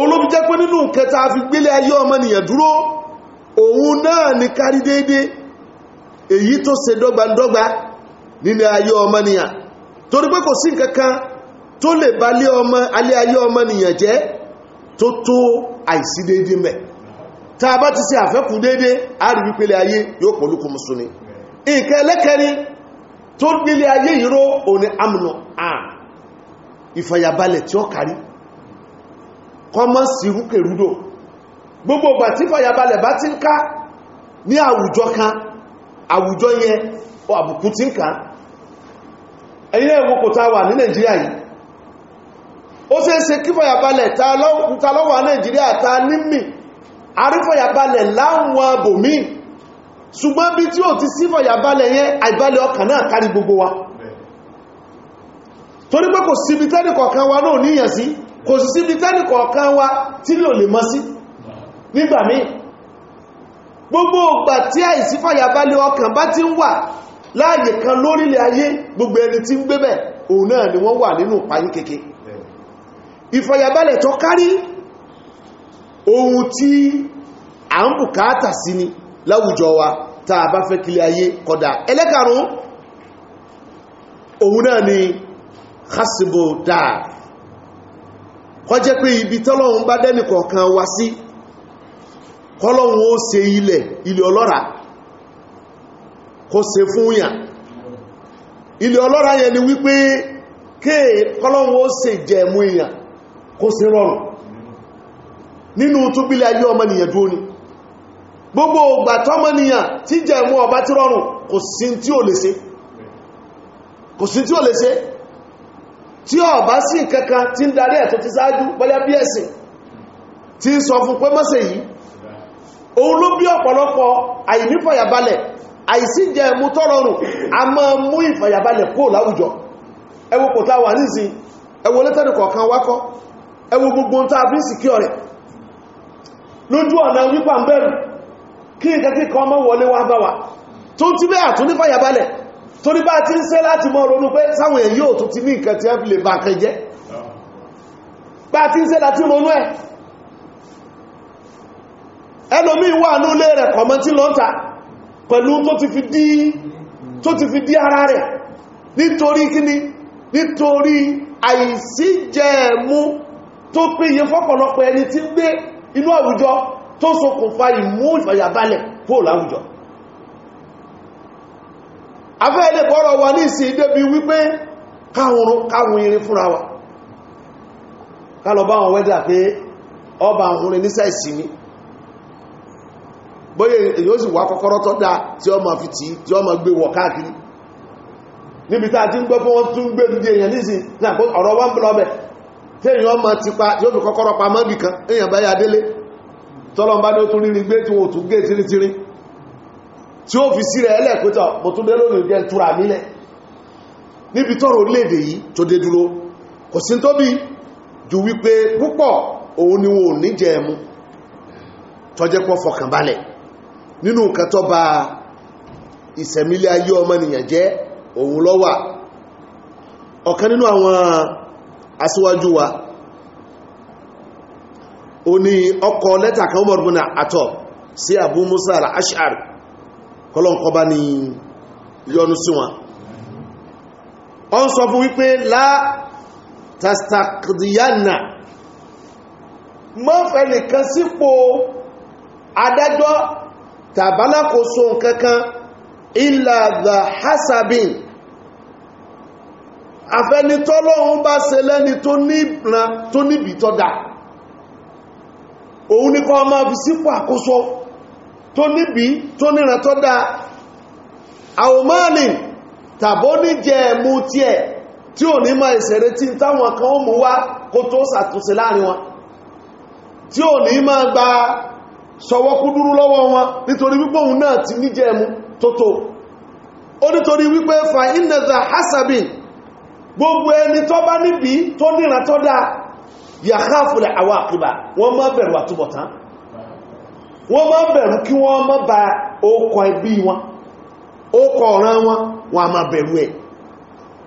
olóbi jẹ́ pé nínú kẹta fi gbélé ayé ọmọnìyàn dúró òun náà ní kárí déédé èyí tó ṣe dọ́gbandọ́gba nílé ayé ọmọnìyàn torí pé kò sí nǹkan kan tó lè ba lé ọmọ alẹ́ ayé ọmọ nìyàn jẹ́ tó tó àìsí déédé mẹ́ tá a bá ti ṣe àfẹ́kù déédé a rí wípélé ayé yóò pọ̀lúkù mùsùlùmí ìkẹ́ ẹlẹ́kẹ́ni tó gbélé ayé ìró òní amùnà àn ìfàyàbalẹ̀ tí ó kárí kọmọ́ sí rúkèrúdò gbogbo ọgbà tí fàyàbalẹ̀ bá ti ń ká ní àwùjọ kan àwùjọ yẹn àbùkù ti ń ká ẹ̀yìn ẹ̀wọ̀n wà ní Nàìjíríà yìí ó ṣe é ṣe kí fàyàbalẹ̀ ta lọ́wọ́ nàìjíríà ta nímì àrífàyàbalẹ̀ láwọn abòmí ṣùgbọ́n bí tí ó ti sí fàyàbalẹ̀ yẹn àìbalẹ̀ ọkàn náà kárí gbogbo wa torí pé kò síbi tẹ́nìkọ̀ọ̀kan wa náà níyàn sí kò sí síbi tẹ́nìkọ̀ọ̀kan wa tí lò lè mọ́ sí nígbà míì gbogbo ògbà tí láàyè kan lórílẹ̀ ayé gbogbo ẹni tí ń gbébẹ̀ òun náà ni wọ́n wà nínú ìpayín kékeré ìfọ̀yàbálẹ̀ tó kárí ohun tí a ń bùkátà sí ni láwùjọ wa tá a bá fẹ́ kílẹ̀ ayé kódà ẹlẹ́karùn ohun náà ni khasibo dáa kọjẹ́ pé ibi tọ́lọ́run bá dẹ́nì kọ̀ọ̀kan wá sí kọ́lọ́run ó ṣe ilẹ̀ ilẹ̀ ọlọ́rà kó ṣe fún yàn ilẹ̀ ọlọ́rà yẹn ni wípé kéè kọ́lọ́run ó ṣe jẹ̀mú yàn kó sí rọrùn nínú bílé ayé ọmọnìyàn dúó ni gbogbo ògbà tọ́mọnìyàn tí mú ọba tí rọrùn kò sí tí ò lè ṣe tí ọba sí kankan tí ń darí ẹ̀tọ́ ti sáájú bọ́lá bí ẹ̀sìn tí ń sọ fún pé mọ́sẹ̀ yìí òun ló bí ọ̀pọ̀lọpọ̀ àìsí jẹ mú tọ́rọrùn a máa mú kó ẹwọ gbogbo ń tàbí síkí ọ̀rẹ́ lójú ọ̀nà wípa ń bẹ̀rù kí n kẹ́kẹ́ kan mọ́ wọlé wá bá wa tó ti bẹ́ àtún ní fàyàbalẹ̀ tó ní bá ti ń sẹ́ láti mọ́ ronú pé sáwọn èyí ò tó ti ní nǹkan tí ẹ fi lè bá kẹ jẹ́ bá ti tó péye fọ́pọ̀lọpọ̀ ẹni tí ń gbé inú àwùjọ tó ṣokùnfà ìmú ìfàyàbalẹ̀ kó láwùjọ afẹ́ ilé bọ́rọ̀ wà ní ìsìn débi wípé káwọn irin fúnra wa kálọ wọn wẹ́dà pé ọba èyí ó sì wá kọ́kọ́rọ́ tí fi tí tí gbé wọ káàkiri níbi a ti ń gbọ́ fún wọn tún gbé nísìn náà ọ̀rọ̀ tẹ́yìn ọmọ ti pa yóò fi kọ́kọ́rọ́ pa mọ́bì kan èyàn bá yà délé tọ́lọ́mbá ní ó tún rírí gbé tí wọ́n tún gé tírítírí tí ó fi sí rẹ̀ ẹlẹ́ẹ̀kútọ̀ mo tún dé lónìí jẹ́ túra nílẹ̀ níbi tọ́rọ orílẹ̀-èdè yìí tó dé dúró kò sí tó bí ju wípé púpọ̀ òun ni wọn ní jẹ ẹmu tọ́jẹ́ pọ́ fọkànbalẹ̀ nínú nǹkan tó ba ìṣẹ̀mílẹ̀ ayé ọmọnìyàn jẹ́ òun lọ́wà ọ̀kan nínú àwọn aṣíwájú wa ó ní ọkọ̀ lẹ́tà kan Umar bin àtọ̀ sí Abu Musa al-Ash'ari kọlọ̀nkọba ni yọnu sí wọn ọ ń sọ fún wípé la tastakdiyana mọ́fẹ́ sípò adájọ́ tàbálákòóso nkankan illa hasabin àfẹnitọ́lọ́hun bá ṣe lẹ́ni tó níbi tọ́dà òun ní kọ́ ọmọ fi sípò àkóso tó níbi tó níran tọ́dà àwòmáàlì tàbó níjẹ ẹ̀mú tiẹ̀ tí ò ní ma ìṣẹ̀rẹ̀ tí táwọn kan ó mú wá kó tó ṣàtúnṣe láàrin wọn tí ò ní gba lọ́wọ́ wọn nítorí hasabin gbogbo ẹni tó bá níbi tó níran tó dáa yàká fúnlẹ̀ àwọn àkíbà wọ́n má bẹ̀rù àtúbọ̀tán wọ́n má bẹ̀rù kí wọ́n má ba okọ̀ ẹbí wọn okọ̀ ọ̀ràn wọn wọ́n má bẹ̀rù ẹ̀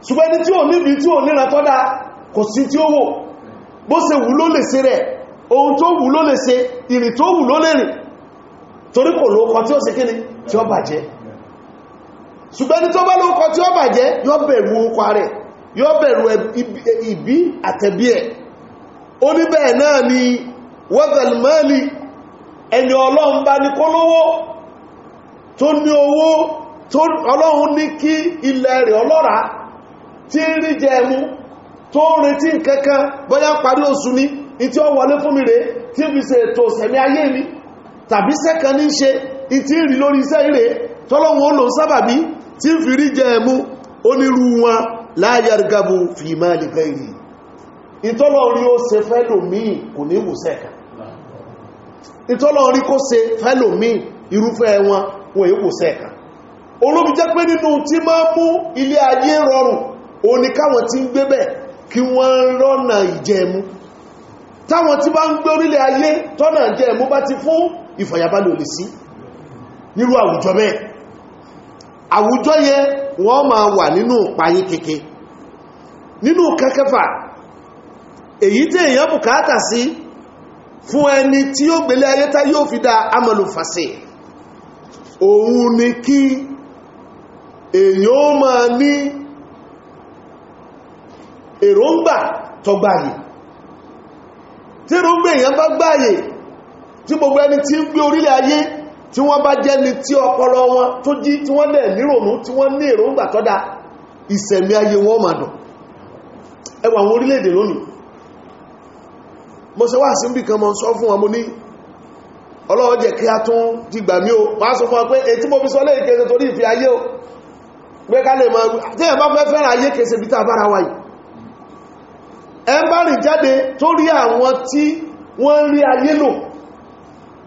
ṣùgbọ́n ẹni tí ò níbi tí ò níran tó dáa kò sí tí ó wò bó ṣe wù ló lè ṣe rẹ̀ ohun tó wù ló lè ṣe ìrìn tó wù ló lè rìn torí kò lóókọ tí ó ṣe kíni tí ó bàjẹ́ ṣùgbọ́n tó bá lóókọ tí ó bàjẹ́ yóò bẹ̀rù okọ̀ rẹ̀ yóò bẹ̀rù ìbí àtẹ̀bí ẹ̀ ó ní bẹ́ẹ̀ náà ni wọ́gẹ̀lmọ́lì ẹni ọlọ́run bá ní kó lówó tó ní owó tó ọlọ́run ní kí ilẹ̀ rẹ̀ ọlọ́ràá tí ń rí jẹ ẹmú tó ń retí nǹkankan bóyá parí oṣù ní ìtí ó wọlé fún mi rẹ̀ tí fi ṣe ètò ìsẹ̀mí ayé mi tàbí sẹ́kan ní ṣe ìtí rí lórí iṣẹ́ ire tọ́lọ́run ó lò sábàbí tí ń fi rí jẹ ẹmú onírú wọn láyàrgabu fi máa lè gẹ́rì ìtọ́lọ̀rí ó ṣe fẹ́lòmíì kò ní wùsẹ̀ kan ìtọ́lọ̀rí kó ṣe fẹ́lòmíì irúfẹ́ wọn wọ́n èyí wùsẹ̀ kan olóbi jẹ́ pé nínú tí máa mú ilé ayé rọrùn òní káwọn tí ń gbé bẹ̀ kí wọ́n rọ́nà ìjẹmú táwọn tí bá ń gbé orílẹ̀ ayé tọ́nà ìjẹmú bá ti fún ìfàyàbálò lè sí nírú àwùjọ bẹ́ẹ̀ àwùjọ yẹn wọ́n ma wà nínú ìpayín keke nínú kẹkẹfà èyí tí èyàn bùkátà sí fún ẹni tí ó gbélé ayétá yóò fi dá amọ̀lùfàṣẹ òun ni kí èyàn ó ma ní èròǹgbà tọgbàyè tí èròǹgbà èyàn bá gbàyè tí gbogbo ẹni tí ń gbé orílẹ̀ ayé tí wọ́n bá jẹ́ ní tí ọpọlọ wọn tó jí tí wọ́n lẹ̀ nírònú tí wọ́n ní èròǹgbà tọ́dá ìsẹ̀mí ayé wọ́n máa dùn ẹ wo àwọn orílẹ̀-èdè lónìí mo ṣe wá sí nbìkan mọ́ sọ fún wọn mo ní Ọlọ́run jẹ́ kí a tún dìgbà mí o máa sọ fún wa pé èyí mo fi sọ lẹ́yìn o pé ká lè máa tẹ́yàn bá fẹ́ fẹ́ràn ayé kẹsẹ̀ bí tàbára wáyìí ẹ bá rìn jáde torí àwọn tí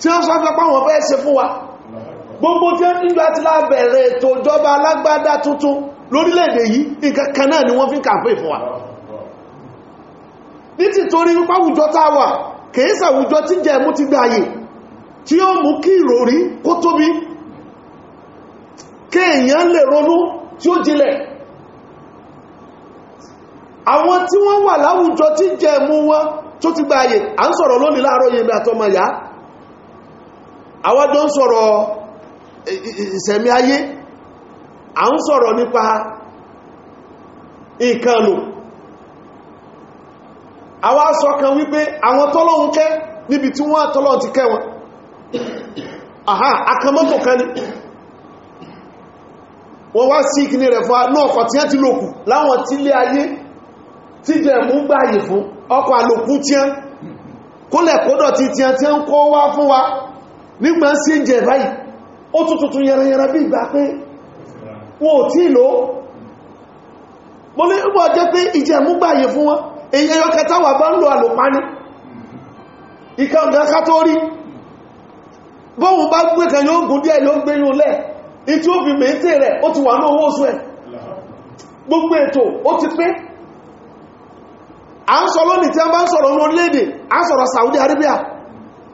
tí wọ́n sọ́jọ́ páwọn bẹ́ẹ̀ ṣe fún wa gbogbo tí wọ́n nígbà tí lábẹ̀rẹ̀ ètò ìjọba alágbádá tuntun lórílẹ̀-èdè yìí nǹkan kan náà ni wọ́n fi kàmpé fún wa ní ti torí wípá àwùjọ tá a wà kèésà àwùjọ tí jẹ̀mú ti gbààyè tí ó mú kí ìròrí kó tóbi kéèyàn lè ronú tí ó jinlẹ̀ àwọn tí wọ́n wà láwùjọ tí jẹ̀mú wọn tó ti gbààyè à ń sọ̀rọ̀ lónìí láàárọ̀ yẹ̀mí àtọmọ̀ yàá àwájọ́ ń sọ̀rọ̀ ìsẹ̀mí ayé à ń sọ̀rọ̀ nípa nǹkan lò àwa sọ kan wípé àwọn tọ́lọ́hun kẹ́ níbi tí wọ́n tọ́lọ́hun ti kẹ́ wọn àhá akamọ́tò kan ní wọ́n wá sí ìkíní rẹ̀ fún náà ọkọ̀ tí wọ́n ti lòkù láwọn tí lé ayé tí jẹ̀mú gbáyè fún ọkọ̀ àlòkù tí wọ́n kólẹ̀kódọ̀ ti tí wọ́n kó wá fún wa nígbà sí ẹjẹ̀ báyìí ó tún tuntun yẹrẹyẹrẹ bí ìgbà pé wọn ò tí lò mo ní ìwọ̀ jẹ́ pé ìjẹ̀ mú gbàyè fún wọn èyí ẹyọ kẹta wà bá ń lo àlòpání ìkà ọ̀dọ́ká tó rí bóhun bá gbé kan yóò gùn díẹ̀ yóò gbé yóò lẹ̀ ìtí ó ti wà ní owó gbogbo ètò ó ti pé à ń sọ lónìí tí a bá ń Saudi Arabia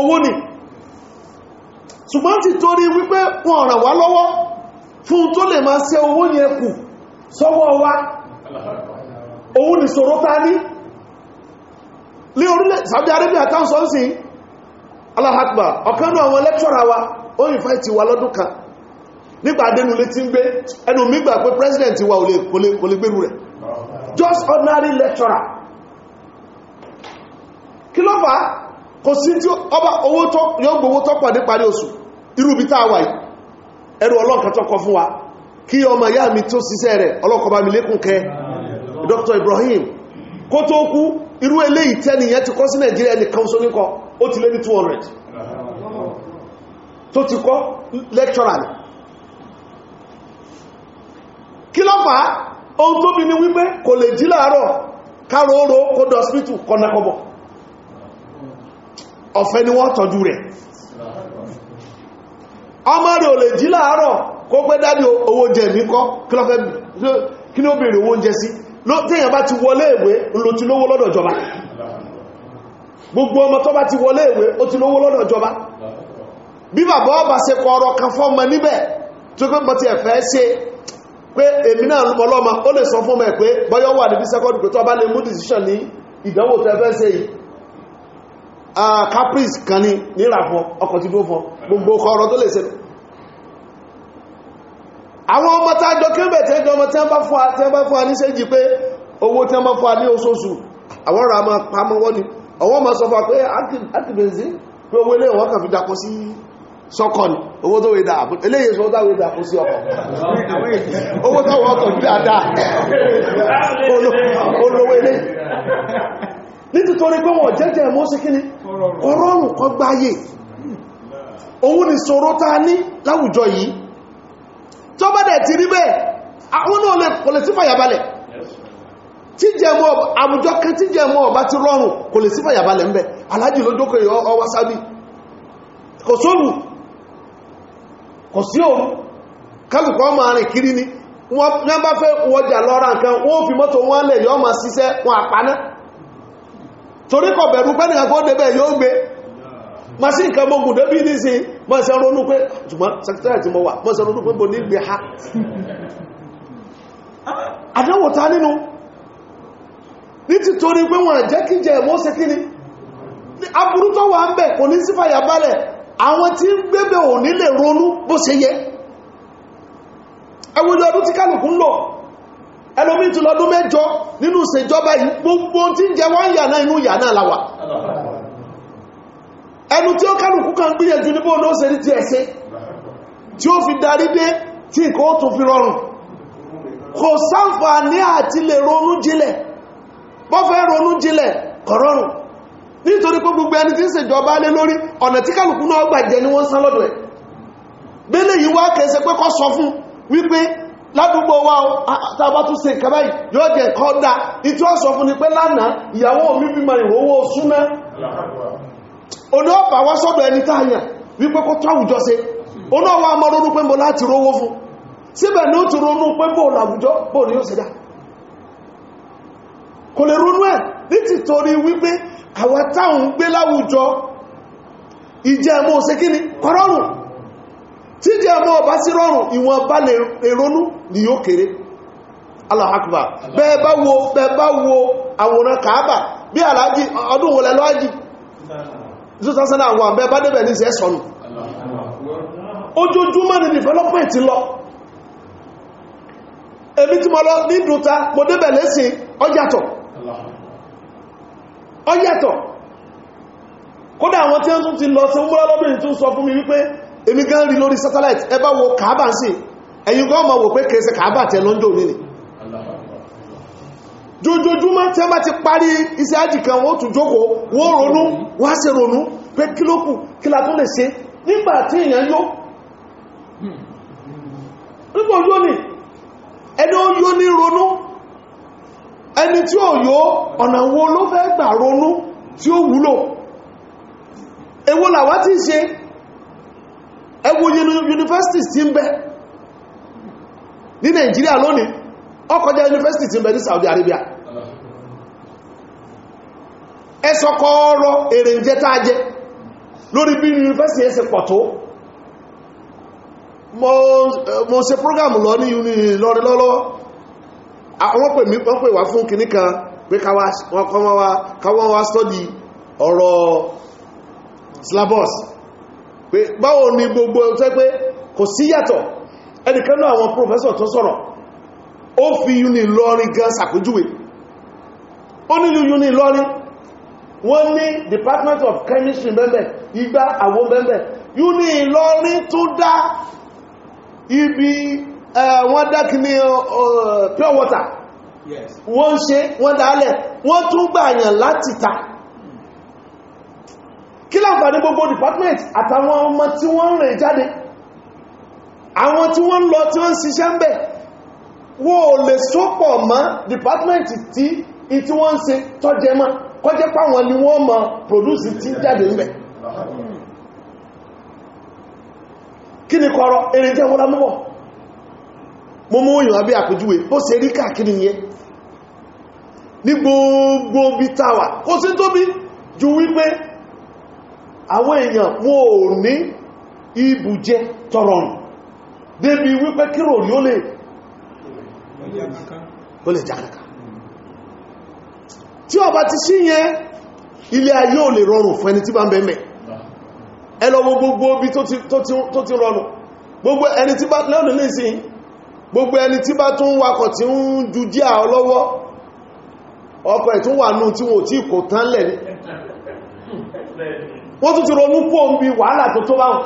owó ni ṣùgbọ́n ti torí wípé wọn ràn wá lọ́wọ́ fún tó lè máa ṣe owó ní ẹkù sọ́wọ́ wa owó ni ṣòro tá ní lé orílẹ̀ Saudi Arabia tán sọ sí Allahu àwọn lẹ́kṣọ́ra wa ó yìn fẹ́ ti wà lọ́dún kan nígbà adénu lé tí ń gbé ẹnu mi gbà pé president wa kò lè gbérù rẹ̀ just ordinary lecturer kí ló kò sí tí ọba owó tó yóò gbowó tó parí oṣù irú bí ẹrù ọlọ́ǹkan tó kọ fún wa kí ọmọ ya mi tó ṣiṣẹ́ rẹ̀ ọlọ́kọ̀ Dr. Ibrahim kó tó kú irú eléyìí tẹ́niyàn ti kọ́ sí Nàìjíríà ní kọ́nsóníkọ́ ó ti lé ní 200 tó ti kọ́ kí ohun tó ọ̀fẹ́ ni wọ́n tọ́jú rẹ̀ ọmọ rẹ̀ ò lè jí láàárọ̀ kó pé dádì owó jẹ mi kọ́ kí ní ó bèèrè owó oúnjẹ sí téèyàn bá ti wọlé ìwé ló ti lówó lọ́dọ̀ gbogbo ọmọ tó bá ti wọlé ìwé ó ti lówó lọ́dọ̀ ìjọba bí bàbá ọba ṣe kọ ọ̀rọ̀ kan fọ́mọ níbẹ̀ tó pé ti ẹ̀fẹ́ ṣe pé èmi náà ó lè sọ fún mẹ́ pé bọ́yọ́ wà níbi sẹ́kọ́dù pé tó bá lè decision ní caprice kan ní níràpọ̀ ọkọ̀ tí ó fọ́ gbogbo ọ̀rọ̀ tó lè ṣẹlẹ̀ àwọn ọmọ tá jọ kébẹ̀ tẹ́ jọ ọmọ tí wọ́n bá fún wa ní séjì pé owó tí wọ́n bá fún wa ní oṣooṣù àwọn ọ̀rọ̀ àmọ́ pàmọ́wọ́ ni ọwọ́ ma sọ fún wa pé àtìbẹ̀nsí pé owó ilé wọn kàn fi dàpọ̀ sí sọ́kọ̀ ni owó tó wéda eléyìí sọ dáwé dàpọ̀ sí ọkọ̀ owó táwọn ọkọ̀ dáadáa olówó eléyìí nítorí pé wọ́n jẹ́jẹ́ mọ́ sí kí ní ọ̀rọ̀rùn kan gbáyé òun ni ṣòro ta ní láwùjọ yìí tó bá dẹ̀ ti rí bẹ́ẹ̀ àwọn náà kò lè sí fàyàbalẹ̀ àwùjọ kan ọba ti rọrùn kò lè sí fàyàbalẹ̀ ń bẹ alájì ló dókè ọwá sábí kò sóòrùn kò sí òun kálùkọ́ ọmọ arìn kiri ni wọ́n bá fẹ́ lọ́ra nǹkan wọ́n fi mọ́tò lẹ̀ yọ́ ma ṣiṣẹ́ wọn torí kọ̀ bẹ̀rù pẹ́ nìkan kọ́ débẹ̀ yóò gbé ma sí nǹkan mọ́gùn débí ní sí mọ́sẹ̀ ronú pé ṣùgbọ́n secretary ti mọ́ wà mọ́sẹ̀ ronú pé bò ní gbé ha àdánwòta nínú ní ti torí pé wọ́n jẹ́ kí jẹ ẹ̀mọ́ sí kíní aburú tó wà ń bẹ̀ kò ní sífàyà balẹ̀ àwọn tí ń gbébẹ̀ ò nílẹ̀ ronú bó ṣe yẹ ẹwùjọ ọdún tí kálùkù ń lọ ẹlòmí ti lọ́dún mẹ́jọ nínú ìṣèjọba yìí gbogbo tí ń jẹ wọ́n ń yà náà inú ìyà náà láwà ẹnu tí ó kálùkù kan gbìyànjú níbò ló ṣe ní ti ẹ̀ṣẹ́ tí ó fi darí dé tí nǹkan ó tún fi rọrùn kò sáǹfà ní àti lè ronú jinlẹ̀ bọ́ fẹ́ ronú jinlẹ̀ kọ̀rọ̀rùn nítorí pé gbogbo ẹni tí ń ṣèjọba lé lórí ọ̀nà tí kálùkù náà gbà jẹ ni wọ́n sán lọ́dọ̀ ẹ̀ bẹ́lẹ̀ yìí wá kẹsẹ̀ pé sọ fún wípé ládùúgbò wa tàbá tún ṣe nǹkan báyìí yóò jẹ kọ́ dá ìtí ó sọ fún pé lánàá ìyàwó mi bímọ ìrówó súná oní ọ̀pá wá sọ́dọ̀ ẹni táyà wípé kó tó àwùjọ se oní ọwọ́ pé mo láti rówó fún síbẹ̀ ní ó pé láwùjọ tí jẹ́ ọmọ ọba sí rọrùn ìwọ̀n bá lè ronú ni yóò kéré bẹ́ẹ̀ bá wo bẹ́ẹ̀ bá wo àwòrán kàábà bí aláàjì ọdún wọlẹ̀ lọ́ájì 2001 bẹ́ẹ̀ bá débẹ̀ ní ṣe sọnù ojoojúmọ́ ni lọ ní kódà àwọn tí ti lọ sí múlọ́lọ́bìnrin tún sọ fún mi èmi gan rí lórí satellite ẹ wo kàábà ń sí ẹ̀yin gan ma wò pé kèèsẹ̀ kàábà tẹ lọ́njọ́ nínú jójójúmọ́ tí wọ́n bá ti parí iṣẹ́ àjì kan wọ́n tún jókòó wọ́n ronú wọ́n ṣe ronú pé kí ló kù kí la tó lè ṣe nígbà tí èèyàn yó nígbà yó ni ẹni ó yó ní ronú ẹni tí ó yó ọ̀nà wo ló fẹ́ gbà ronú tí ó wúlò èwo làwa ti ṣe ẹ university universities tí ń bẹ ní Nigeria lónìí ó kọjá universities ń bẹ ní Saudi Arabia ẹ sọ kọ́ọ̀rọ̀ èrè ń jẹ táajẹ lórí bí university ẹ ṣe pọ̀ tó mo ṣe program lọ ní lọ́rin lọ́lọ́ àwọn pè mí wọ́n pè wá fún kìní pé káwọn wá study ọ̀rọ̀ slavos pé báwo ni gbogbo tẹ́ pé kò sí yàtọ̀ ẹnìkanú àwọn professor tó sọ̀rọ̀ ó fi uni lọ́rin gan sàkójúwe ó nílùú uni lọ́rin wọ́n ní department of chemistry bẹ́ẹ̀bẹ̀ igbá àwọn bẹ́ẹ̀bẹ̀ uni lọ́rin tó dá ibi wọ́n dákìní pure water wọ́n ṣe wọ́n dálẹ̀ wọ́n tún gbàyàn láti ta kí láǹfàní gbogbo department àtàwọn ọmọ tí wọ́n ń rìn jáde àwọn tí wọ́n ń lọ tí wọ́n ń ṣiṣẹ́ ń bẹ̀ wó lè sópọ̀ mọ́ department tí ìtí wọ́n ń ṣe tọ́jẹ mọ́ kọjẹ́ páwọn ni wọ́n mọ̀ produce tí jáde ń bẹ̀ kí ni kọ̀rọ̀ èrè jẹ́ wọ́n lámúbọ̀ mo mú òyìn abẹ́ àpèjúwe ó ṣe rí káàkiri yẹn ní gbogbo bí tàwà kó sí tóbi ju wípé àwọn èèyàn wọn ò ní ibùjẹ tọrọrùn débi wípé kírò ní ó lè ó lè jákàkà tí ọba ti sí yẹn ilé ayé ò lè rọrùn fún ẹni tí bá ń bẹ̀mẹ̀ ẹlọ́wọ́ gbogbo bí tó ti rọrùn gbogbo ẹni tí bá lẹ́ọ̀nà lè sí gbogbo ẹni tí bá tún wakọ̀ tí ń ju díà ọlọ́wọ́ ọkọ̀ ẹ̀ tún wà nù tí wọ́n tí kò tán lẹ̀ wọ́n tún ti ronú kó ń bí wàhálà tó tó báhùn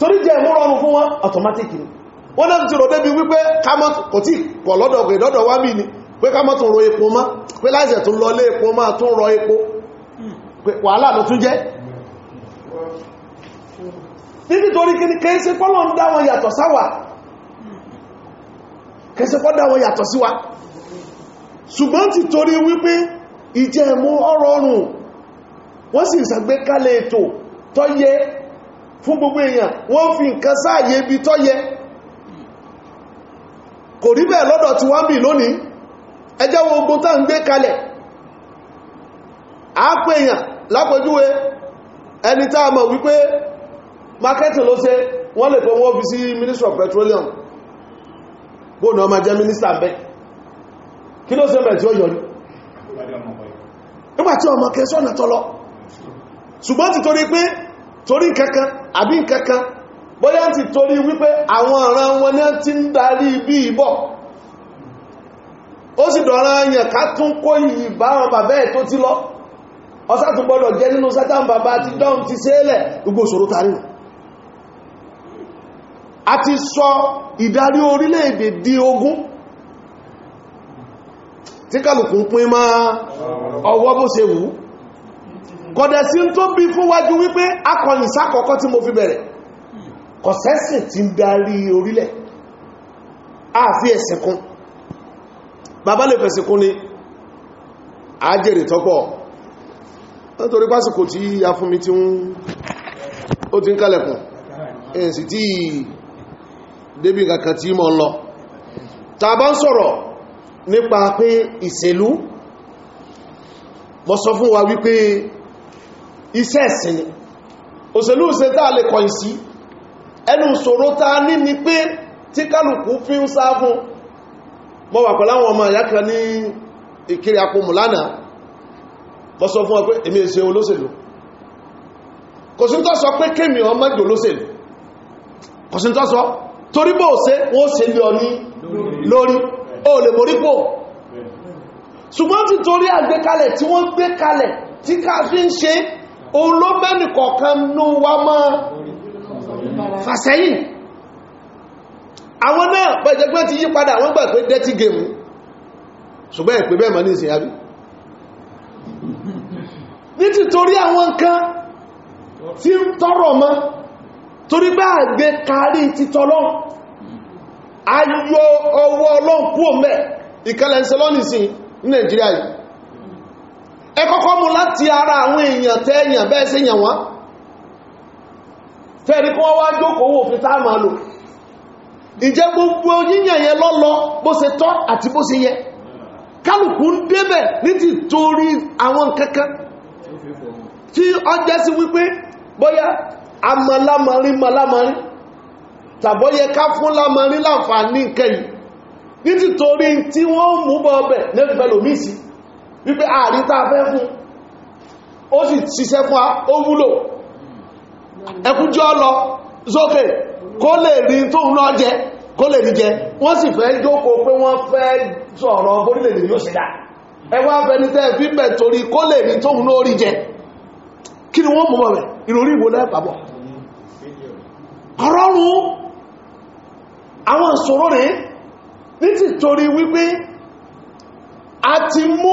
torí jẹ́ ìmúrọrùn fún wọn automatic ni wọ́n náà ti rò débi wípé kò tí pọ̀ lọ́dọ̀ wá bí ni pé ro epo pé láìsẹ̀ tún lọ lé epo tún rọ ni kẹ́ẹ́sẹ́ ń dá wọn yàtọ̀ sáwà wọ́n sì ìsàgbé ètò tọ́ yẹ fún gbogbo èèyàn wọ́n fi nǹkan sáàyè ibi tọ́ yẹ kò rí bẹ́ẹ̀ lọ́dọ̀ tí wọ́n bì lónìí ẹjẹ́ wo ogun tá ń gbé kalẹ̀ a pè èèyàn lápẹjúwe ẹni tá a mọ̀ wípé marketing ló ṣe wọ́n lè fọ́ wọ́n fi sí minister of petroleum bóònà ọmọ jẹ́ minister bẹ́ kí ló ṣe mẹ́ tí ó yọrí nígbàtí ọmọ kẹsọ́nà tọ́lọ́ ṣùgbọ́n ti torí pé torí nkankan àbí nkankan bóyá ti torí wípé àwọn ọ̀ràn wọn náà ti ń darí bí ìbọ̀ ó sì dọ̀rọ̀ ayàn ká tún kó wọn tó ti lọ ọsá tún gbọ́dọ̀ jẹ́ nínú sátán bàbá ti a ti sọ ìdarí orílẹ̀-èdè di ogún tí pín máa ọwọ́ bó ṣe wù kọ̀dẹ̀ sí tó bí fún wájú wípé akọ̀yìn sákọ̀ọ́kọ́ tí mo fi bẹ̀rẹ̀ kọ̀sẹ́sìn ti ń darí orílẹ̀ àfi ẹ̀sìn kún bàbá lè fẹ̀sìn kún ni àájèrè tọ́pọ̀ nítorí pásìkò tí a fún mi tí ó ti ń kálẹ̀kùn ẹ̀yìn sì tí débì kankan tí mọ́ lọ tàbá ń sọ̀rọ̀ nípa pé ìṣèlú mo sọ fún wa wípé iṣẹ́ ẹ̀sìn ni òṣèlú ṣe táà lè kọ̀yìn sí ẹnu ìṣòro ta ní ni pé tí kálùkù fi ń sá fún mọ́ wà pẹ̀láwọn ọmọ ìyá kan ní ìkiri akọmù lánàá mọ́ sọ fún ọ pé èmi èsè olóṣèlú kò sí tọ́ sọ pé kémi ọmọ ìdò olóṣèlú kò sí tọ́ sọ torí bó ṣe wọ́n ṣe lé ọ ní lórí o lè morípò ṣùgbọ́n ti torí àgbékalẹ̀ tí wọ́n gbé tí ká fi ń ṣe òun kọ̀ọ̀kan ní wá máa àwọn náà ti yí padà wọ́n gbà pé dẹ́tí gèmù ṣùgbọ́n ìpé bẹ́ẹ̀ mọ́ ní ìsìn àbí ní ti torí àwọn nǹkan tí ń torí bá gbé kárí ayọ ọwọ́ ẹ kọ́kọ́ mú láti ara àwọn èèyàn tẹ́ èèyàn bẹ́ẹ̀ sí èèyàn wọ́n fẹ́ẹ̀rí kí wá jókòó lò ìjẹ́ gbogbo yíyàn yẹn lọ́lọ bó ṣe tọ́ àti bó ṣe yẹ kálùkù ń débẹ̀ ní torí àwọn kankan tí ama jẹ́ sí wípé bóyá amalámarí malámarí tàbọ́yẹ ká fún lámarí láǹfààní yi yìí ti torí tí wọ́n mú wípé ààrí tàà fẹ́ fún ó sì ṣiṣẹ́ fún a ó wúlò ẹkújọ́ lọ sókè kó lè rí tó ń lọ jẹ kó lè rí jẹ wọ́n sì fẹ́ jókòó pé wọ́n fẹ́ sọ̀rọ̀ orílẹ̀-èdè yóò ṣe dá ẹwà abẹni tẹ́ fi bẹ̀ torí kó lè rí tó ń lọ rí jẹ kí ni wọ́n mọ̀ rẹ̀ ìròrí ìwò lẹ́pàbọ̀ ọ̀rọ̀rùn àwọn ìṣòro rẹ̀ ní ti torí wípé a ti mú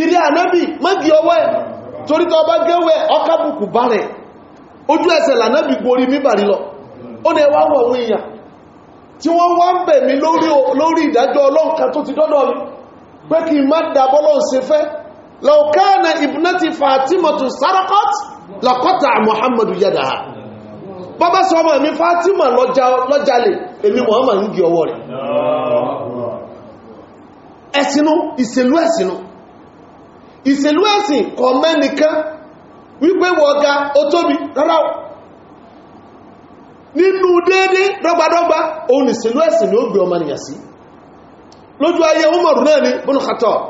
ìrí ànábì mọ́gí ọwọ́ ẹ̀ torí tó bá gẹ́wẹ́ ọkàbùkù bá rẹ̀ ojú ẹsẹ̀ lànábì gorí míbàrí lọ ó dẹ̀ wá wọ̀ ohun èèyàn tí wọ́n wá ń bẹ̀ mí lórí ìdájọ́ tó ti dọ́dọ̀ mi pé kí n má dábọ́ ṣe fẹ́ muhammadu ẹ̀sìnú ìṣèlú ẹ̀sìn kọ̀ mẹ́nìkan wípé wọ́ga ó tóbi rárá nínú déédé dọ́gbadọ́gba òun ìṣèlú ẹ̀sìn ni ó gbé ọmọ nìyà sí lójú ayé Umaru náà ni bọ́nù Khattab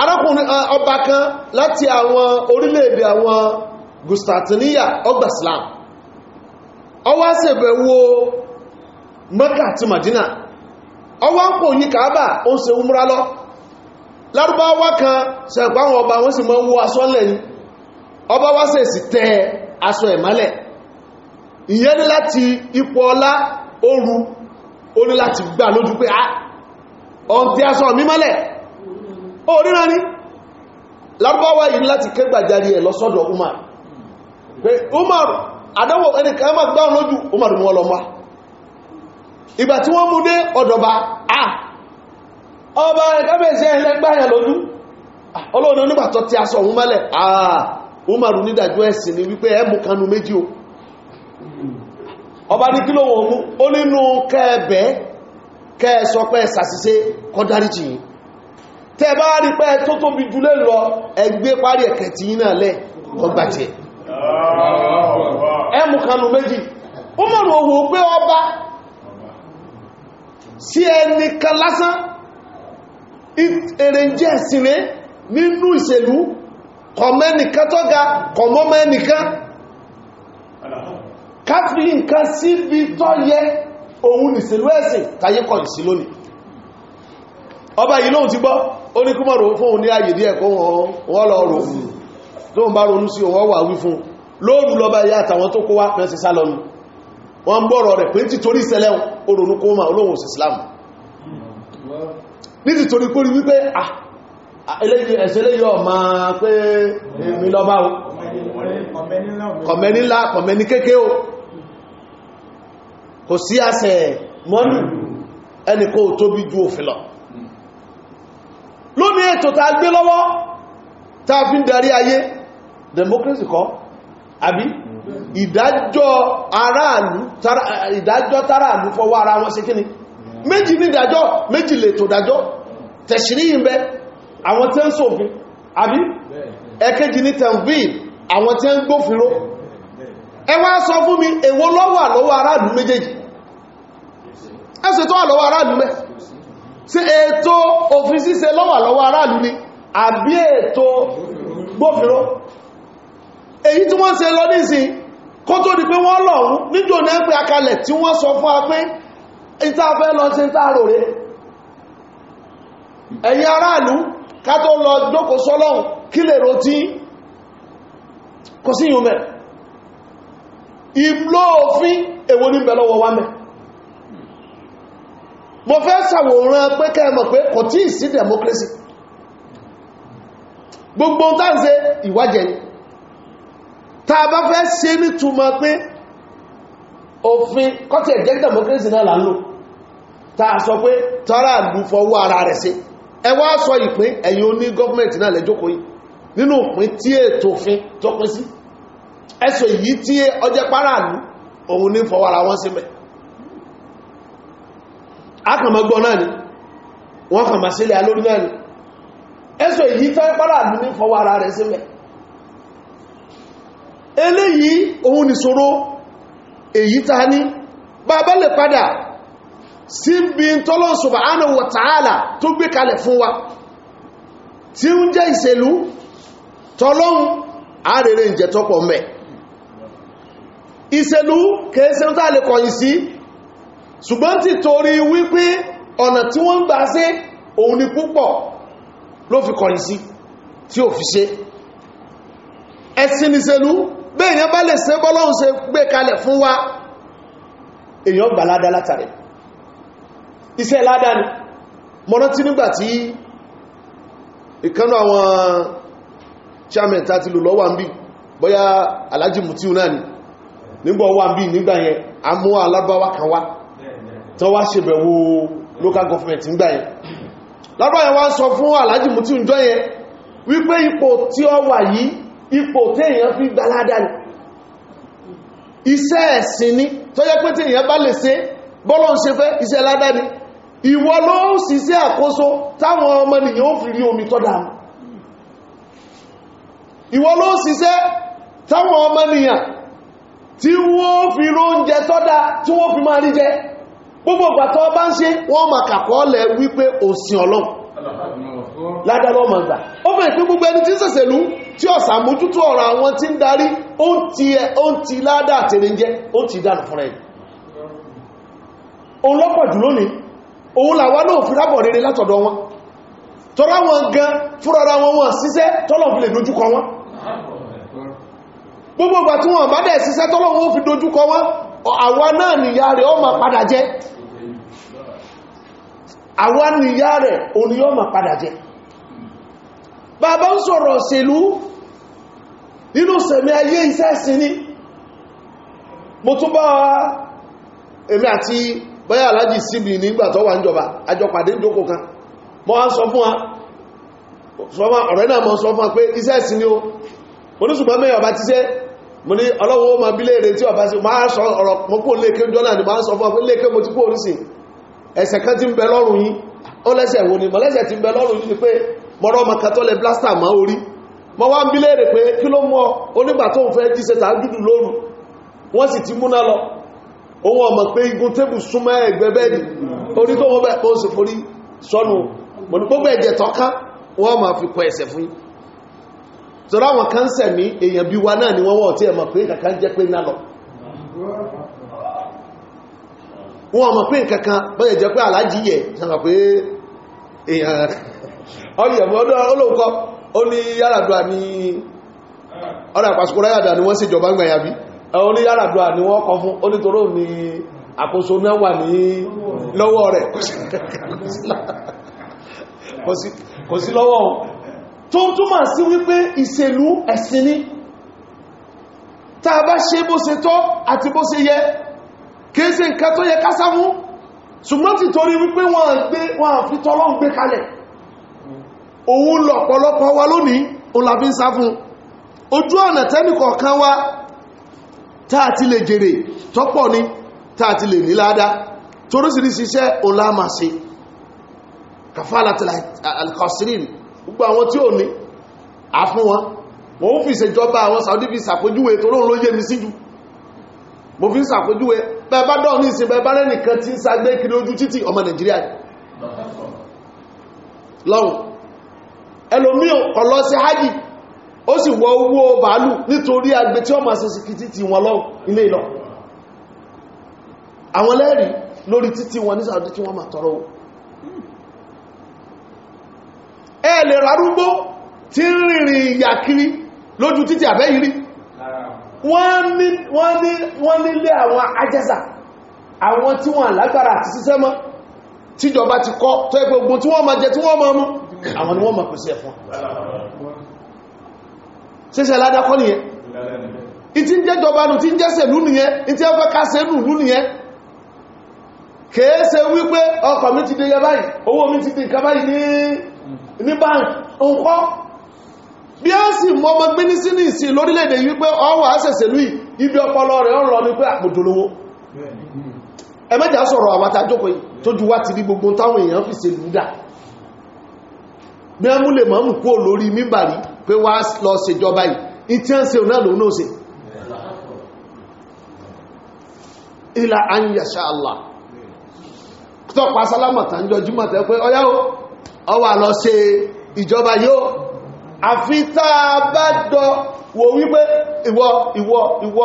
arákùnrin eh, ọba kan láti àwọn orílẹ̀-èdè àwọn gustatiniya ọgbà Islam ọwá ṣèbẹ̀wò Mẹ́kà àti Madina ọwá ń pò yí Kaaba ó ń ṣe umra lọ lárúbáwá kan sẹ̀pá àwọn ọba wọ́n sì mọ́ wó aṣọ lẹ́yìn ọba wá sì sì tẹ aṣọ ẹ̀málẹ̀ ìyẹn ní láti ipò ọlá oru ó ní láti gbà lójú pé ah, ọ̀n tí aṣọ mi mọ́lẹ̀ ó ríran ní lárúbáwá yìí láti kẹgbàjárí ẹ̀ lọ́sọ́dọ̀ Umar pé Umar adáwọ̀ ẹnìkan má gbá lójú Umar mú ọlọ́mọ́ ìgbà tí wọ́n mú dé ọ̀dọ̀ba ah ọba kábẹ̀ẹ́sì ẹ̀lẹ́ lójú ah, ọlọ́run onígbàtọ́ ti aṣọ òun mẹ́lẹ̀ àà ah, umaru nídàjọ́ ẹ̀sìn ni wípé ẹmù kanu méjì o ọba ní kílò mú ó nínú kẹ́ẹ̀bẹ́ pé kọdáríjì rí pé tó tóbi lọ ẹgbẹ́ parí ẹ̀kẹ́ ẹmù kanu méjì umaru ọba sí lásán èrè jẹ́ ìsinmi nínú ìṣèlú kọ̀mẹ́nìkan tó ga kọ̀mọ́mẹ́nìkan káfí nǹkan síbi tó yẹ òun nìṣèlú ẹ̀sìn tayé kọ̀ ìsí lónìí ọba yìí lóhun ti gbọ́ ó ní kúmọ̀rò fún òun ní ààyè díẹ̀ kó wọ́n lọ rò tó ń bá ronú sí òun wà wí fún lóòrù lọ́ba ìyá àtàwọn tó kó wá pẹ́ sí sálọ́nù wọ́n gbọ́rọ̀ rẹ̀ pé títorí ìṣẹ̀lẹ̀ oronú kó mà olóhun òsìsìlámù nítorí torí kórí wípé ẹ̀ṣẹ́lẹ́yọ ma pé èmi lọ́bá o kọ̀mẹ́ni ńlá kọ̀mẹ́ni kéèké o kò sí àṣẹ mọ́nù ẹni kó tóbi ju òfin lọ lónìí ètò tá gbé lọ́wọ́ tá fi ń darí ayé democracy kọ́ àbí ìdájọ́ aráàlú fọwọ́ ara wọn ṣe kíni méjì ní ìdájọ́ méjì lè tó dájọ́ tẹ̀ṣìrí ìbẹ́ àwọn tí ó ń ṣòfin àbí ẹ̀kejì ní tẹ̀m̀bíl àwọn tí ń gbófinró ẹ sọ fún mi èwo ló wà lọ́wọ́ aráàlú méjèèjì ẹsẹ̀ tó wà lọ́wọ́ aráàlú mẹ́ sí ètò òfin ṣíṣe ló wà lọ́wọ́ aráàlú ni àbí ètò gbófinró èyí tí wọ́n ṣe lọ nísìn kó tó ìtafẹ́ lọ sí ìtàrò rẹ̀ ẹ̀yin aráàlú ká tó lọ jókòó sọ́lọ́hun kí lè rò tí kò sí yíò mẹ́ ìlò òfin èwo ní bẹ̀lọ́wọ́ wá mẹ́ mo fẹ́ sàwòrán pé kẹ́ẹ̀mọ̀ pé kò tí ì sí democracy gbogbo táǹsẹ ìwájẹ̀ ni ta bá fẹ́ ṣe nítumọ̀ pé òfin kọ́tí ẹ̀jẹ́ democracy náà là ń ta sọ pé tọ́rà lù fọwọ́ ara rẹ̀ sí ẹ wá sọ ìpín ẹ̀yin oní gọ́ọ̀mẹ̀ntì náà lẹ́jọ́kọ́ yìí nínú òpin tí ètò òfin tó pín sí ẹ̀sọ̀ èyí tí ọjẹ́ páràlú òun ní fọwọ́ ara ni wọ́n kàmà sílẹ̀ alórí náà ni ẹ̀sọ̀ èyí tó páràlú ní sí èyí ta ní bàbá lè padà sí bí n tọ́lọ́ subhanahu wa ta'ala tó gbé kalẹ̀ fún wa tí ń jẹ́ ìṣèlú tọ́lọ́hun àrèrè ìjẹ tọ́pọ̀ mẹ́ ìṣèlú kẹsẹ̀ tó lè kọ̀yìn sí ṣùgbọ́n ti torí wípé ọ̀nà tí wọ́n gbà sí òun ni púpọ̀ ló fi kọ̀yìn sí tí ò fi ṣe ẹ̀sìn ìṣèlú bẹ́ẹ̀yàn bá lè ṣe bọ́lọ́hun ṣe gbé kalẹ̀ fún wa èyàn gbà ládá látàrí iṣẹ́ ládá ni mo rántí nígbà tí ìkanú àwọn chairman tàti lò lọ́wà ń bí bóyá alájì mutiu náà ni nígbà wà ń bí nígbà yẹn a mú alábáwá kan wá tán wá ṣèbẹ̀wò local government nígbà yẹn lábáyẹn wá sọ fún alájì mutiu jọ yẹn wípé ipò tí ọ wà yìí ipò téèyàn fi gbalada ni iṣẹ́ ẹ̀sìn ni tó yẹ pé téèyàn bá lè ṣe bọ́lọ̀ ń ṣe fẹ́ iṣẹ́ ládá ni ìwọ ló ń ṣiṣẹ́ àkóso táwọn ọmọ nìyàn ó fi rí omi tọ́ dáa ìwọ ló ń ṣiṣẹ́ táwọn ọmọ nìyàn tí wọ́n fi róúnjẹ tọ́ dáa tí wọ́n fi máa rí jẹ gbogbo ìgbà tó bá ń ṣe wọ́n máa kàkọ́ lẹ̀ wípé òsìn ọlọ́run ládàlọ́ ọmọ ìgbà ó fẹ́ ìpín gbogbo ẹni tí ń sẹ̀sẹ̀lú tí ó sàmójútó ọ̀rọ̀ àwọn tí ń darí ó ń ti ládà tèrè jẹ́ ó ti dànù fún rẹ̀ òun lọ́pọ̀ jù lónìí òun làwá náà fi rábọ̀ rere látọ̀dọ̀ wọn tọ́rọ wọn gan fúrọra wọn wọn síṣẹ́ tọ́lọ̀ fi lè dojúkọ wọn gbogbo ìgbà tí wọn bá dẹ̀ síṣẹ́ tọ́lọ̀ wọn fi dojúkọ wọn àwa náà nìyà rẹ̀ ó padà jẹ àwa nìyà rẹ̀ òun ni ó máa padà jẹ bàbá ń sọ̀rọ̀ òṣèlú inú sẹ̀mí ayé iṣẹ́ sí ní mo tún bá ati àti báyà alájì síbi nígbà wà ń jọba àjọpàdé ìjókò kan mọ́ wá sọ fún wa ọ̀rẹ́ náà mọ́ sọ fún wa pé iṣẹ́ o mo ní ṣùgbọ́n mẹ́yàn ti ṣẹ́ mo ní ọlọ́wọ́ ma bí léèrè tí ọba sí máa sọ ọ̀rọ̀ mo mọ̀rọ̀ ọmọ kan tó lẹ blaster mọ́ orí mọ́ wá ń bí léèrè pé kí ló mọ́ onígbà tó ń fẹ́ jí ṣe lóru wọ́n sì ti múná lọ ohun ọmọ pé igun tébù súnmọ́ ẹgbẹ́ bẹ́ẹ̀ni orí tó wọ́n bẹ́ẹ̀ forí sọ́nù tọ́ká wọ́n ọyẹ̀mọ́ olóòkọ́ ó ní yàràdùà ní ọ̀rọ̀ àpàṣùkúrá yàdà ni wọ́n sì jọba ń gbàyàbí ó ní yàràdùà ni wọ́n kọ fún onítorò ní àkóso náà wà ní lọ́wọ́ rẹ̀ kò sí lọ́wọ́ tó ń túmọ̀ sí wípé ìṣèlú ẹ̀sìn ni tá a bá ṣe bó ṣe tọ́ àti bó ṣe yẹ kìí ṣe nǹkan tó yẹ ká sá òun lọ ọ̀pọ̀lọpọ̀ wa lónìí olàbí ń sá fún ojú ọ̀nà tẹ́nìkọ̀ọ̀kan wa táà ti lè jèrè tọ́pọ̀ ni táà ti lè níláadá torísìírísì iṣẹ́ olámàṣe kàfàlà alkọsirin gbogbo àwọn tí ò ní àfún wọn mo ń fi ìṣèjọba àwọn Saudi fi ṣàpèjúwe toróhun ló yé mi síjú mo fi ń ṣàpèjúwe bẹ́ẹ̀bá dọ̀ ní ìsìn bẹ́ẹ̀bá rẹ̀ tí ń sagbé kiri ojú títì ọmọ Nàìjíríà lọ́wọ́ ẹlòmí ọ̀lọ́ sí hajji ó sì wọ owó bàálù nítorí agbé tí ó máa ṣe síkìtì tí wọn lọ ilé ìlọ àwọn lẹ́rìí lórí títí wọn ní Saudi tí wọ́n máa tọrọ ẹ lè rárúgbó tí ń rìnrìn ìyàkiri lójú títí àbẹ́yìrí wọ́n nílé àwọn ajẹ́sà àwọn tí wọ́n lágbára àti síṣẹ́ mọ́ tíjọba ti kọ́ tó ẹgbẹ̀gbọ̀n tí wọ́n máa jẹ tí wọ́n máa mú àwọn ni wọ́n mọ̀ pèsè ẹ̀fún ṣíṣẹ́ ládákọ́ nìyẹn ìtí ń jẹ́ jọbanù tí ń jẹ́sẹ̀ lú nìyẹn ìtí ẹ fẹ́ kásẹ̀ lù lú nìyẹn kèése wípé ọkọ̀ mi ti dé yẹ báyìí owó mi ti dé nǹkan báyìí ní báńkì ǹkọ́ bí a sì mọ́ ọmọ gbé ní sínú ìsìn lórílẹ̀-èdè wípé ọwọ́ àṣẹ̀ṣẹ̀ lú ibi ọpọlọ rẹ̀ ọ̀rọ̀ ní pé àpòdólówó ẹmẹ́jà sọ̀rọ̀ àwátájókòó tó ju wá ti rí gbogbo táwọn èèyàn fi se lúdà bí a mú lè mọ́mù kúrò lórí mímbàrí pé wá lọ ṣèjọba yìí ìtíyànṣe náà lòun náà ṣe ilá anyàṣà Allah tọ́pá sálámàtà ń jọjú pé ọyá o ọwà lọ ṣe ìjọba yóò àfíta bá dọ wò wípé ìwọ ìwọ ìwọ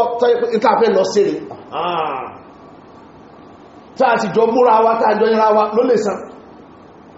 ah. jọ múra wa jọ yẹra wa ló lè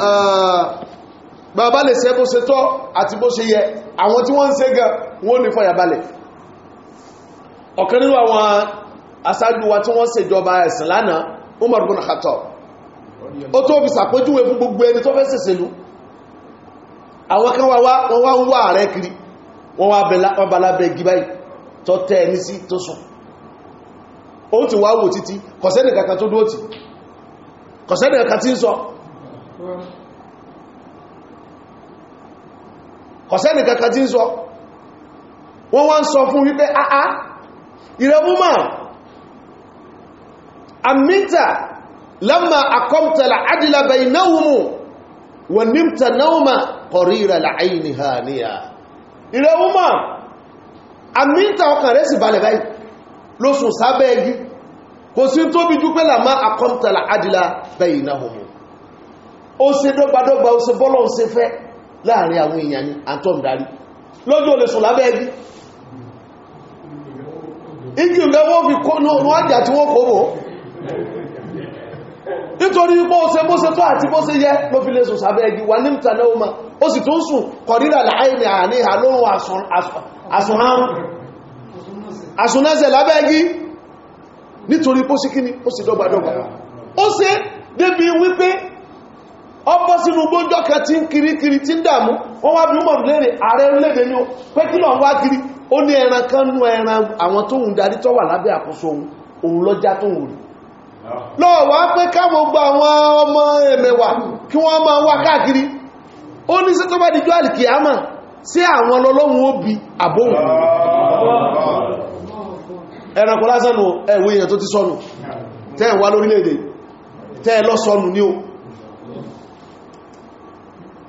Eh, bàbá lè ṣe bó ṣe tọ́ àti bó ṣe yẹ àwọn tí wọ́n ń ṣe gan wọ́n ní fọyàbalẹ̀ ọ̀kan nínú àwọn aṣáájú wa tí wọ́n ṣèjọba ẹ̀sìn lánàá Umar bin Khattab ó tó fi sàpéjúwe fún gbogbo ẹni tó fẹ́ ṣèṣèlú àwọn kan wá wọ́n wá ń wá ààrẹ kiri wọ́n wá balábẹ́ igi báyìí tó tẹ́ ẹni sí tó sùn ó ti wá wò títí kọ̀sẹ́nì kankan tí ń sọ wọ́n wá ń sọ fún wípé àá ah, ah, ìrẹ̀múmà àmìta lọ́mà àkọ́mtàlà àdìlàbà ìnáwùmù wà nímta náwùmà kọ̀rí ìrẹ̀lá àìní ha níyà ìrẹ̀múmà àmìta ọkàn rẹ̀ sì balẹ̀ báyìí ló sùn sábẹ́ ẹgí kò sí tóbi jú pé làmà àkọ́mtàlà àdìlàbà ìnáwùmù ó ṣe dọ́gbadọ́gba ó ṣe bọ́lọ̀ ṣe fẹ́ láàrin àwọn èèyàn ni anton dari lọ́jọ́ olè sùn lábẹ́ ẹbí igi ìgbẹ́wọ́ fi kó ní àjà tí wọ́n kó bò nítorí pọ́ ṣe bó ṣe tó àti bó ṣe yẹ ló fi lè sùn sábẹ́ ẹgbì wà ní ìtànà ọmọ ó sì tó ń sùn kọ̀rílà láàáìní àníhà lóhun àsùnhárún àsùnẹ́sẹ̀ lábẹ́ ẹgbì nítorí pó sí kíní ó sì dọ́gbàdọ́gbà ó ṣe débi wípé ọ sínú gbójọ́ kan tí ń kirikiri tí ń dàmú wọ́n wá bí ó mọ̀rún lérè ààrẹ orílẹ̀-èdè ní pé kí wá kiri ó ní ẹran kan nú ẹran àwọn tó ń darí tọ́wà lábẹ́ àkóso òun lọ́já tó ń rí wá pé káwọn gba àwọn ọmọ ẹ̀mẹ̀wà kí wọ́n máa wá káàkiri ó ní sí tó bá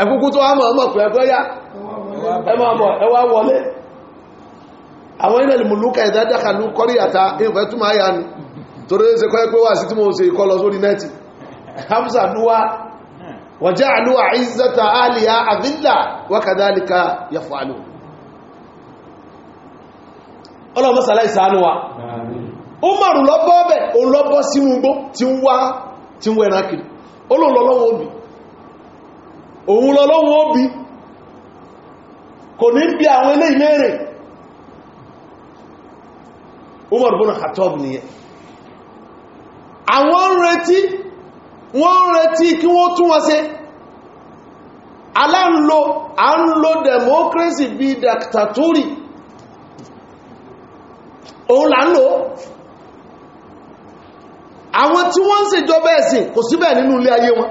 ẹkùkú tó wá mọ̀ ọmọ pẹ̀ ẹgbẹ́ yá ẹwà wọlé àwọn ilẹ̀ mùlúkà ìdádàkàlú kọrí àta ìfẹ́ túnmà yà ní torí ṣe kọ́ ẹgbẹ́ wà sí tí mo ṣe ikọ́ lọ sórí nẹ́ẹ̀tì hamsa lúwá wàjá àlúwà ìzẹta àlìyà wákàdálíkà Umaru òun lọ́lọ́wọ́ ó bí kò ní bí àwọn ilé ìmẹ́rẹ̀ Umar bin Khattab nìyẹn àwọn ń retí wọ́n ń retí kí wọ́n tún wọ́n ṣe aláǹlò à lo democracy bí dàkítàtúrì òun là ń lò àwọn tí wọ́n ń ṣèjọba ẹ̀sìn kò síbẹ̀ nínú ilé ayé wọn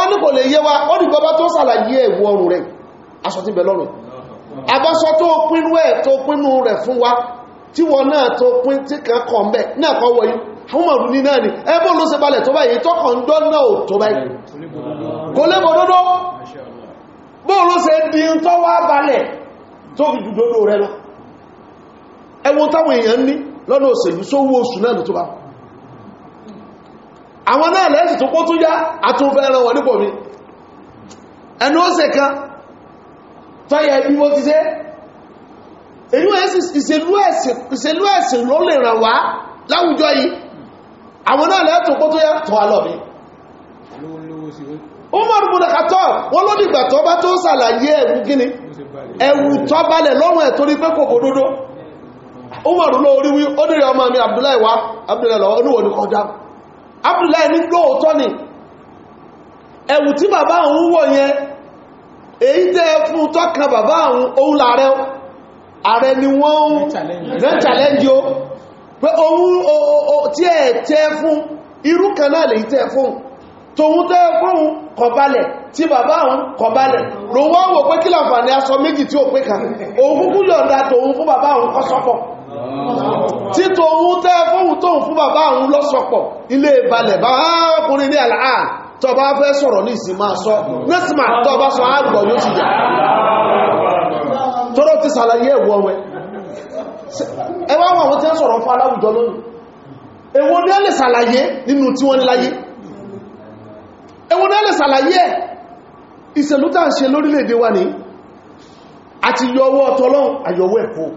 ọ́nà kò lè yé wa ó dìgbà bá tó sàlàyé ẹ̀wọ̀ ọrùn rẹ̀ aṣọ tí bẹ lọ́rùn abọ́sọ tó pínú ẹ̀ tó pínú rẹ̀ fún wa tí wọ́n náà tó pín tí kan kọ̀ mẹ́ náà kọ́ wọ́yí fún mọ̀rún ní náà ni ẹbọ́ ló ṣe balẹ̀ tó lọ náà àwọn náà lẹ́sì tó kó tún yá àtúnfẹ́ ẹran wọ̀ ẹnu kan tọ́yẹ bí mo ti ṣe ìṣèlú ẹ̀sìn ló lè ràn wá láwùjọ yìí àwọn náà lẹ́tùn kó yá tọ́ alọ́ mi wọ́n ló dìgbà tó bá tó sàlàyé gíní balẹ̀ ẹ̀ torí pé kò ó ọmọ mi Abdullahi wa Abdullahi oníwọ̀ Abdullahi ní lóòótọ́ ni ẹ̀wù tí bàbá òun wọ̀ yẹn èyí tẹ́ fún tọ́kan bàbá òun òun lààrẹ ààrẹ ni wọ́n ń challenge o pé òun tí ẹ̀ tẹ́ fún irú kan lè tẹ́ fún tòun tẹ́ fún kọbalẹ̀ tí bàbá òun kọbalẹ̀ ló wọ́n wò pé kí láǹfààní aṣọ méjì tí ó pé kan òun kúkú yọ̀ǹda tòun fún bàbá òun kọ́sọ́pọ̀ títò ohun tẹ́ fóhun tóhun fún bàbá àwọn lọ́sọpọ̀ ilé ìbalẹ̀ bá ọkùnrin ní àlàá tó bá fẹ́ sọ̀rọ̀ ní ìsìn máa sọ nẹ́sìmà tó bá sọ àgbọ̀ yóò ti jà tọ́rọ ti sàlàyé ẹ̀wọ̀ wẹ ẹwà àwọn tẹ́ sọ̀rọ̀ fún aláwùjọ lónìí èwo ni ẹ lè sàlàyé nínú tí wọ́n ní láyé èwo ni ẹ lè sàlàyé ẹ̀ ìṣèlú tàà ń ṣe lórílẹ̀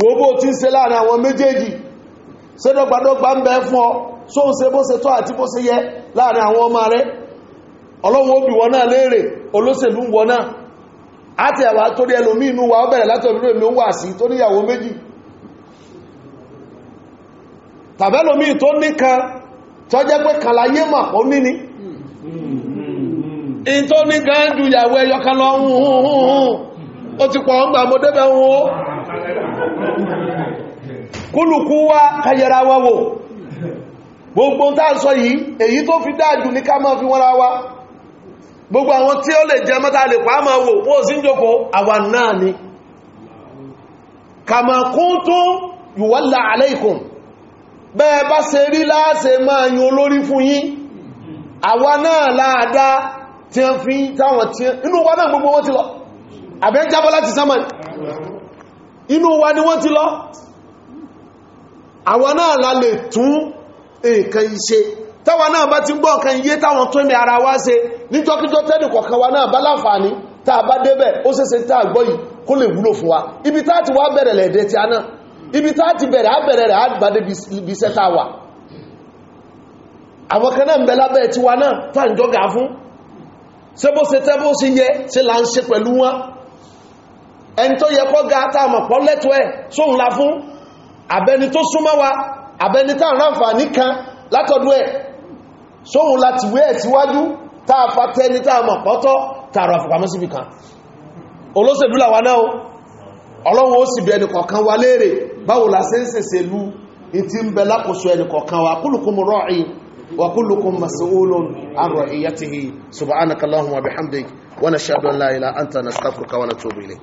wo bó ti ń ṣe láàrin àwọn méjèèjì ṣé dọ́gbadọ́gba ń bẹ fún ọ sóhun ṣe bó ṣe tọ́ àti bó ṣe yẹ láàrin àwọn ọmọ rẹ ọlọ́run ó wọ́n náà léèrè olóṣèlú wọ́n náà àti ẹ̀wà ẹlòmí inú wa ó bẹ̀rẹ̀ láti ó wà sí tó níyàwó ìyàwó kúlùkú wá kayẹra wá wò gbogbo tá ń sọ yìí èyí tó fi dájú ní ká máa fi wọ́n ra wá gbogbo àwọn tí ó lè jẹ mọ́ta lè pàá máa wò ó sí jòkó àwa náà ni kàmà kún tó yùwọ́lá aláìkùn bẹ́ẹ̀ bá ṣe rí láàṣẹ máa yìn olórí fún yín àwa náà láàdá tí wọ́n fi táwọn tí inú wa náà gbogbo wọ́n ti lọ àbẹ́ jábọ́ láti sámà inú wa ni wọ́n ti lọ àwọn náà la lè tún nǹkan iṣẹ́ táwa náà bá ti gbọ́ nǹkan iye táwọn tó ní ara wa ṣe níjọ́kíjọ́ tẹ́nì kọ̀ọ̀kan wa náà bá láǹfààní tá a bá débẹ̀ ó ṣeéṣe tá a gbọ́ yìí kó lè wúlò fún wa ibi tá ti wá bẹ̀rẹ̀ lẹ̀dẹ̀ tí a náà ibi tá ti bẹ̀rẹ̀ á bẹ̀rẹ̀ rẹ̀ á gbàdé bí iṣẹ́ tá a wà àwọn kan náà ń bó ṣe tẹ́ bó ṣe yẹ ṣe là ń ṣe pẹ̀lú wọn ẹni tó yẹ kọ́ ga tá pọ́ lẹ́tọ́ ẹ̀ sóhun la fún àbẹni tó súnmọ́ wa àbẹni tá àránfà nìkan látọ̀dọ̀ ẹ̀ sóhun la tìwé ẹ̀ síwájú tá a fa tẹni tá àmọ̀ pọ́tọ́ síbi kan olóṣèlú làwa náà ọlọ́run ó sì bẹ wa léèrè báwo la ṣe ń ṣèṣèlú ìtí ń bẹ lákòóso ẹnì kọ̀ọ̀kan wa kúlùkùn rọ́ọ̀ì وكلكم مسؤول عن na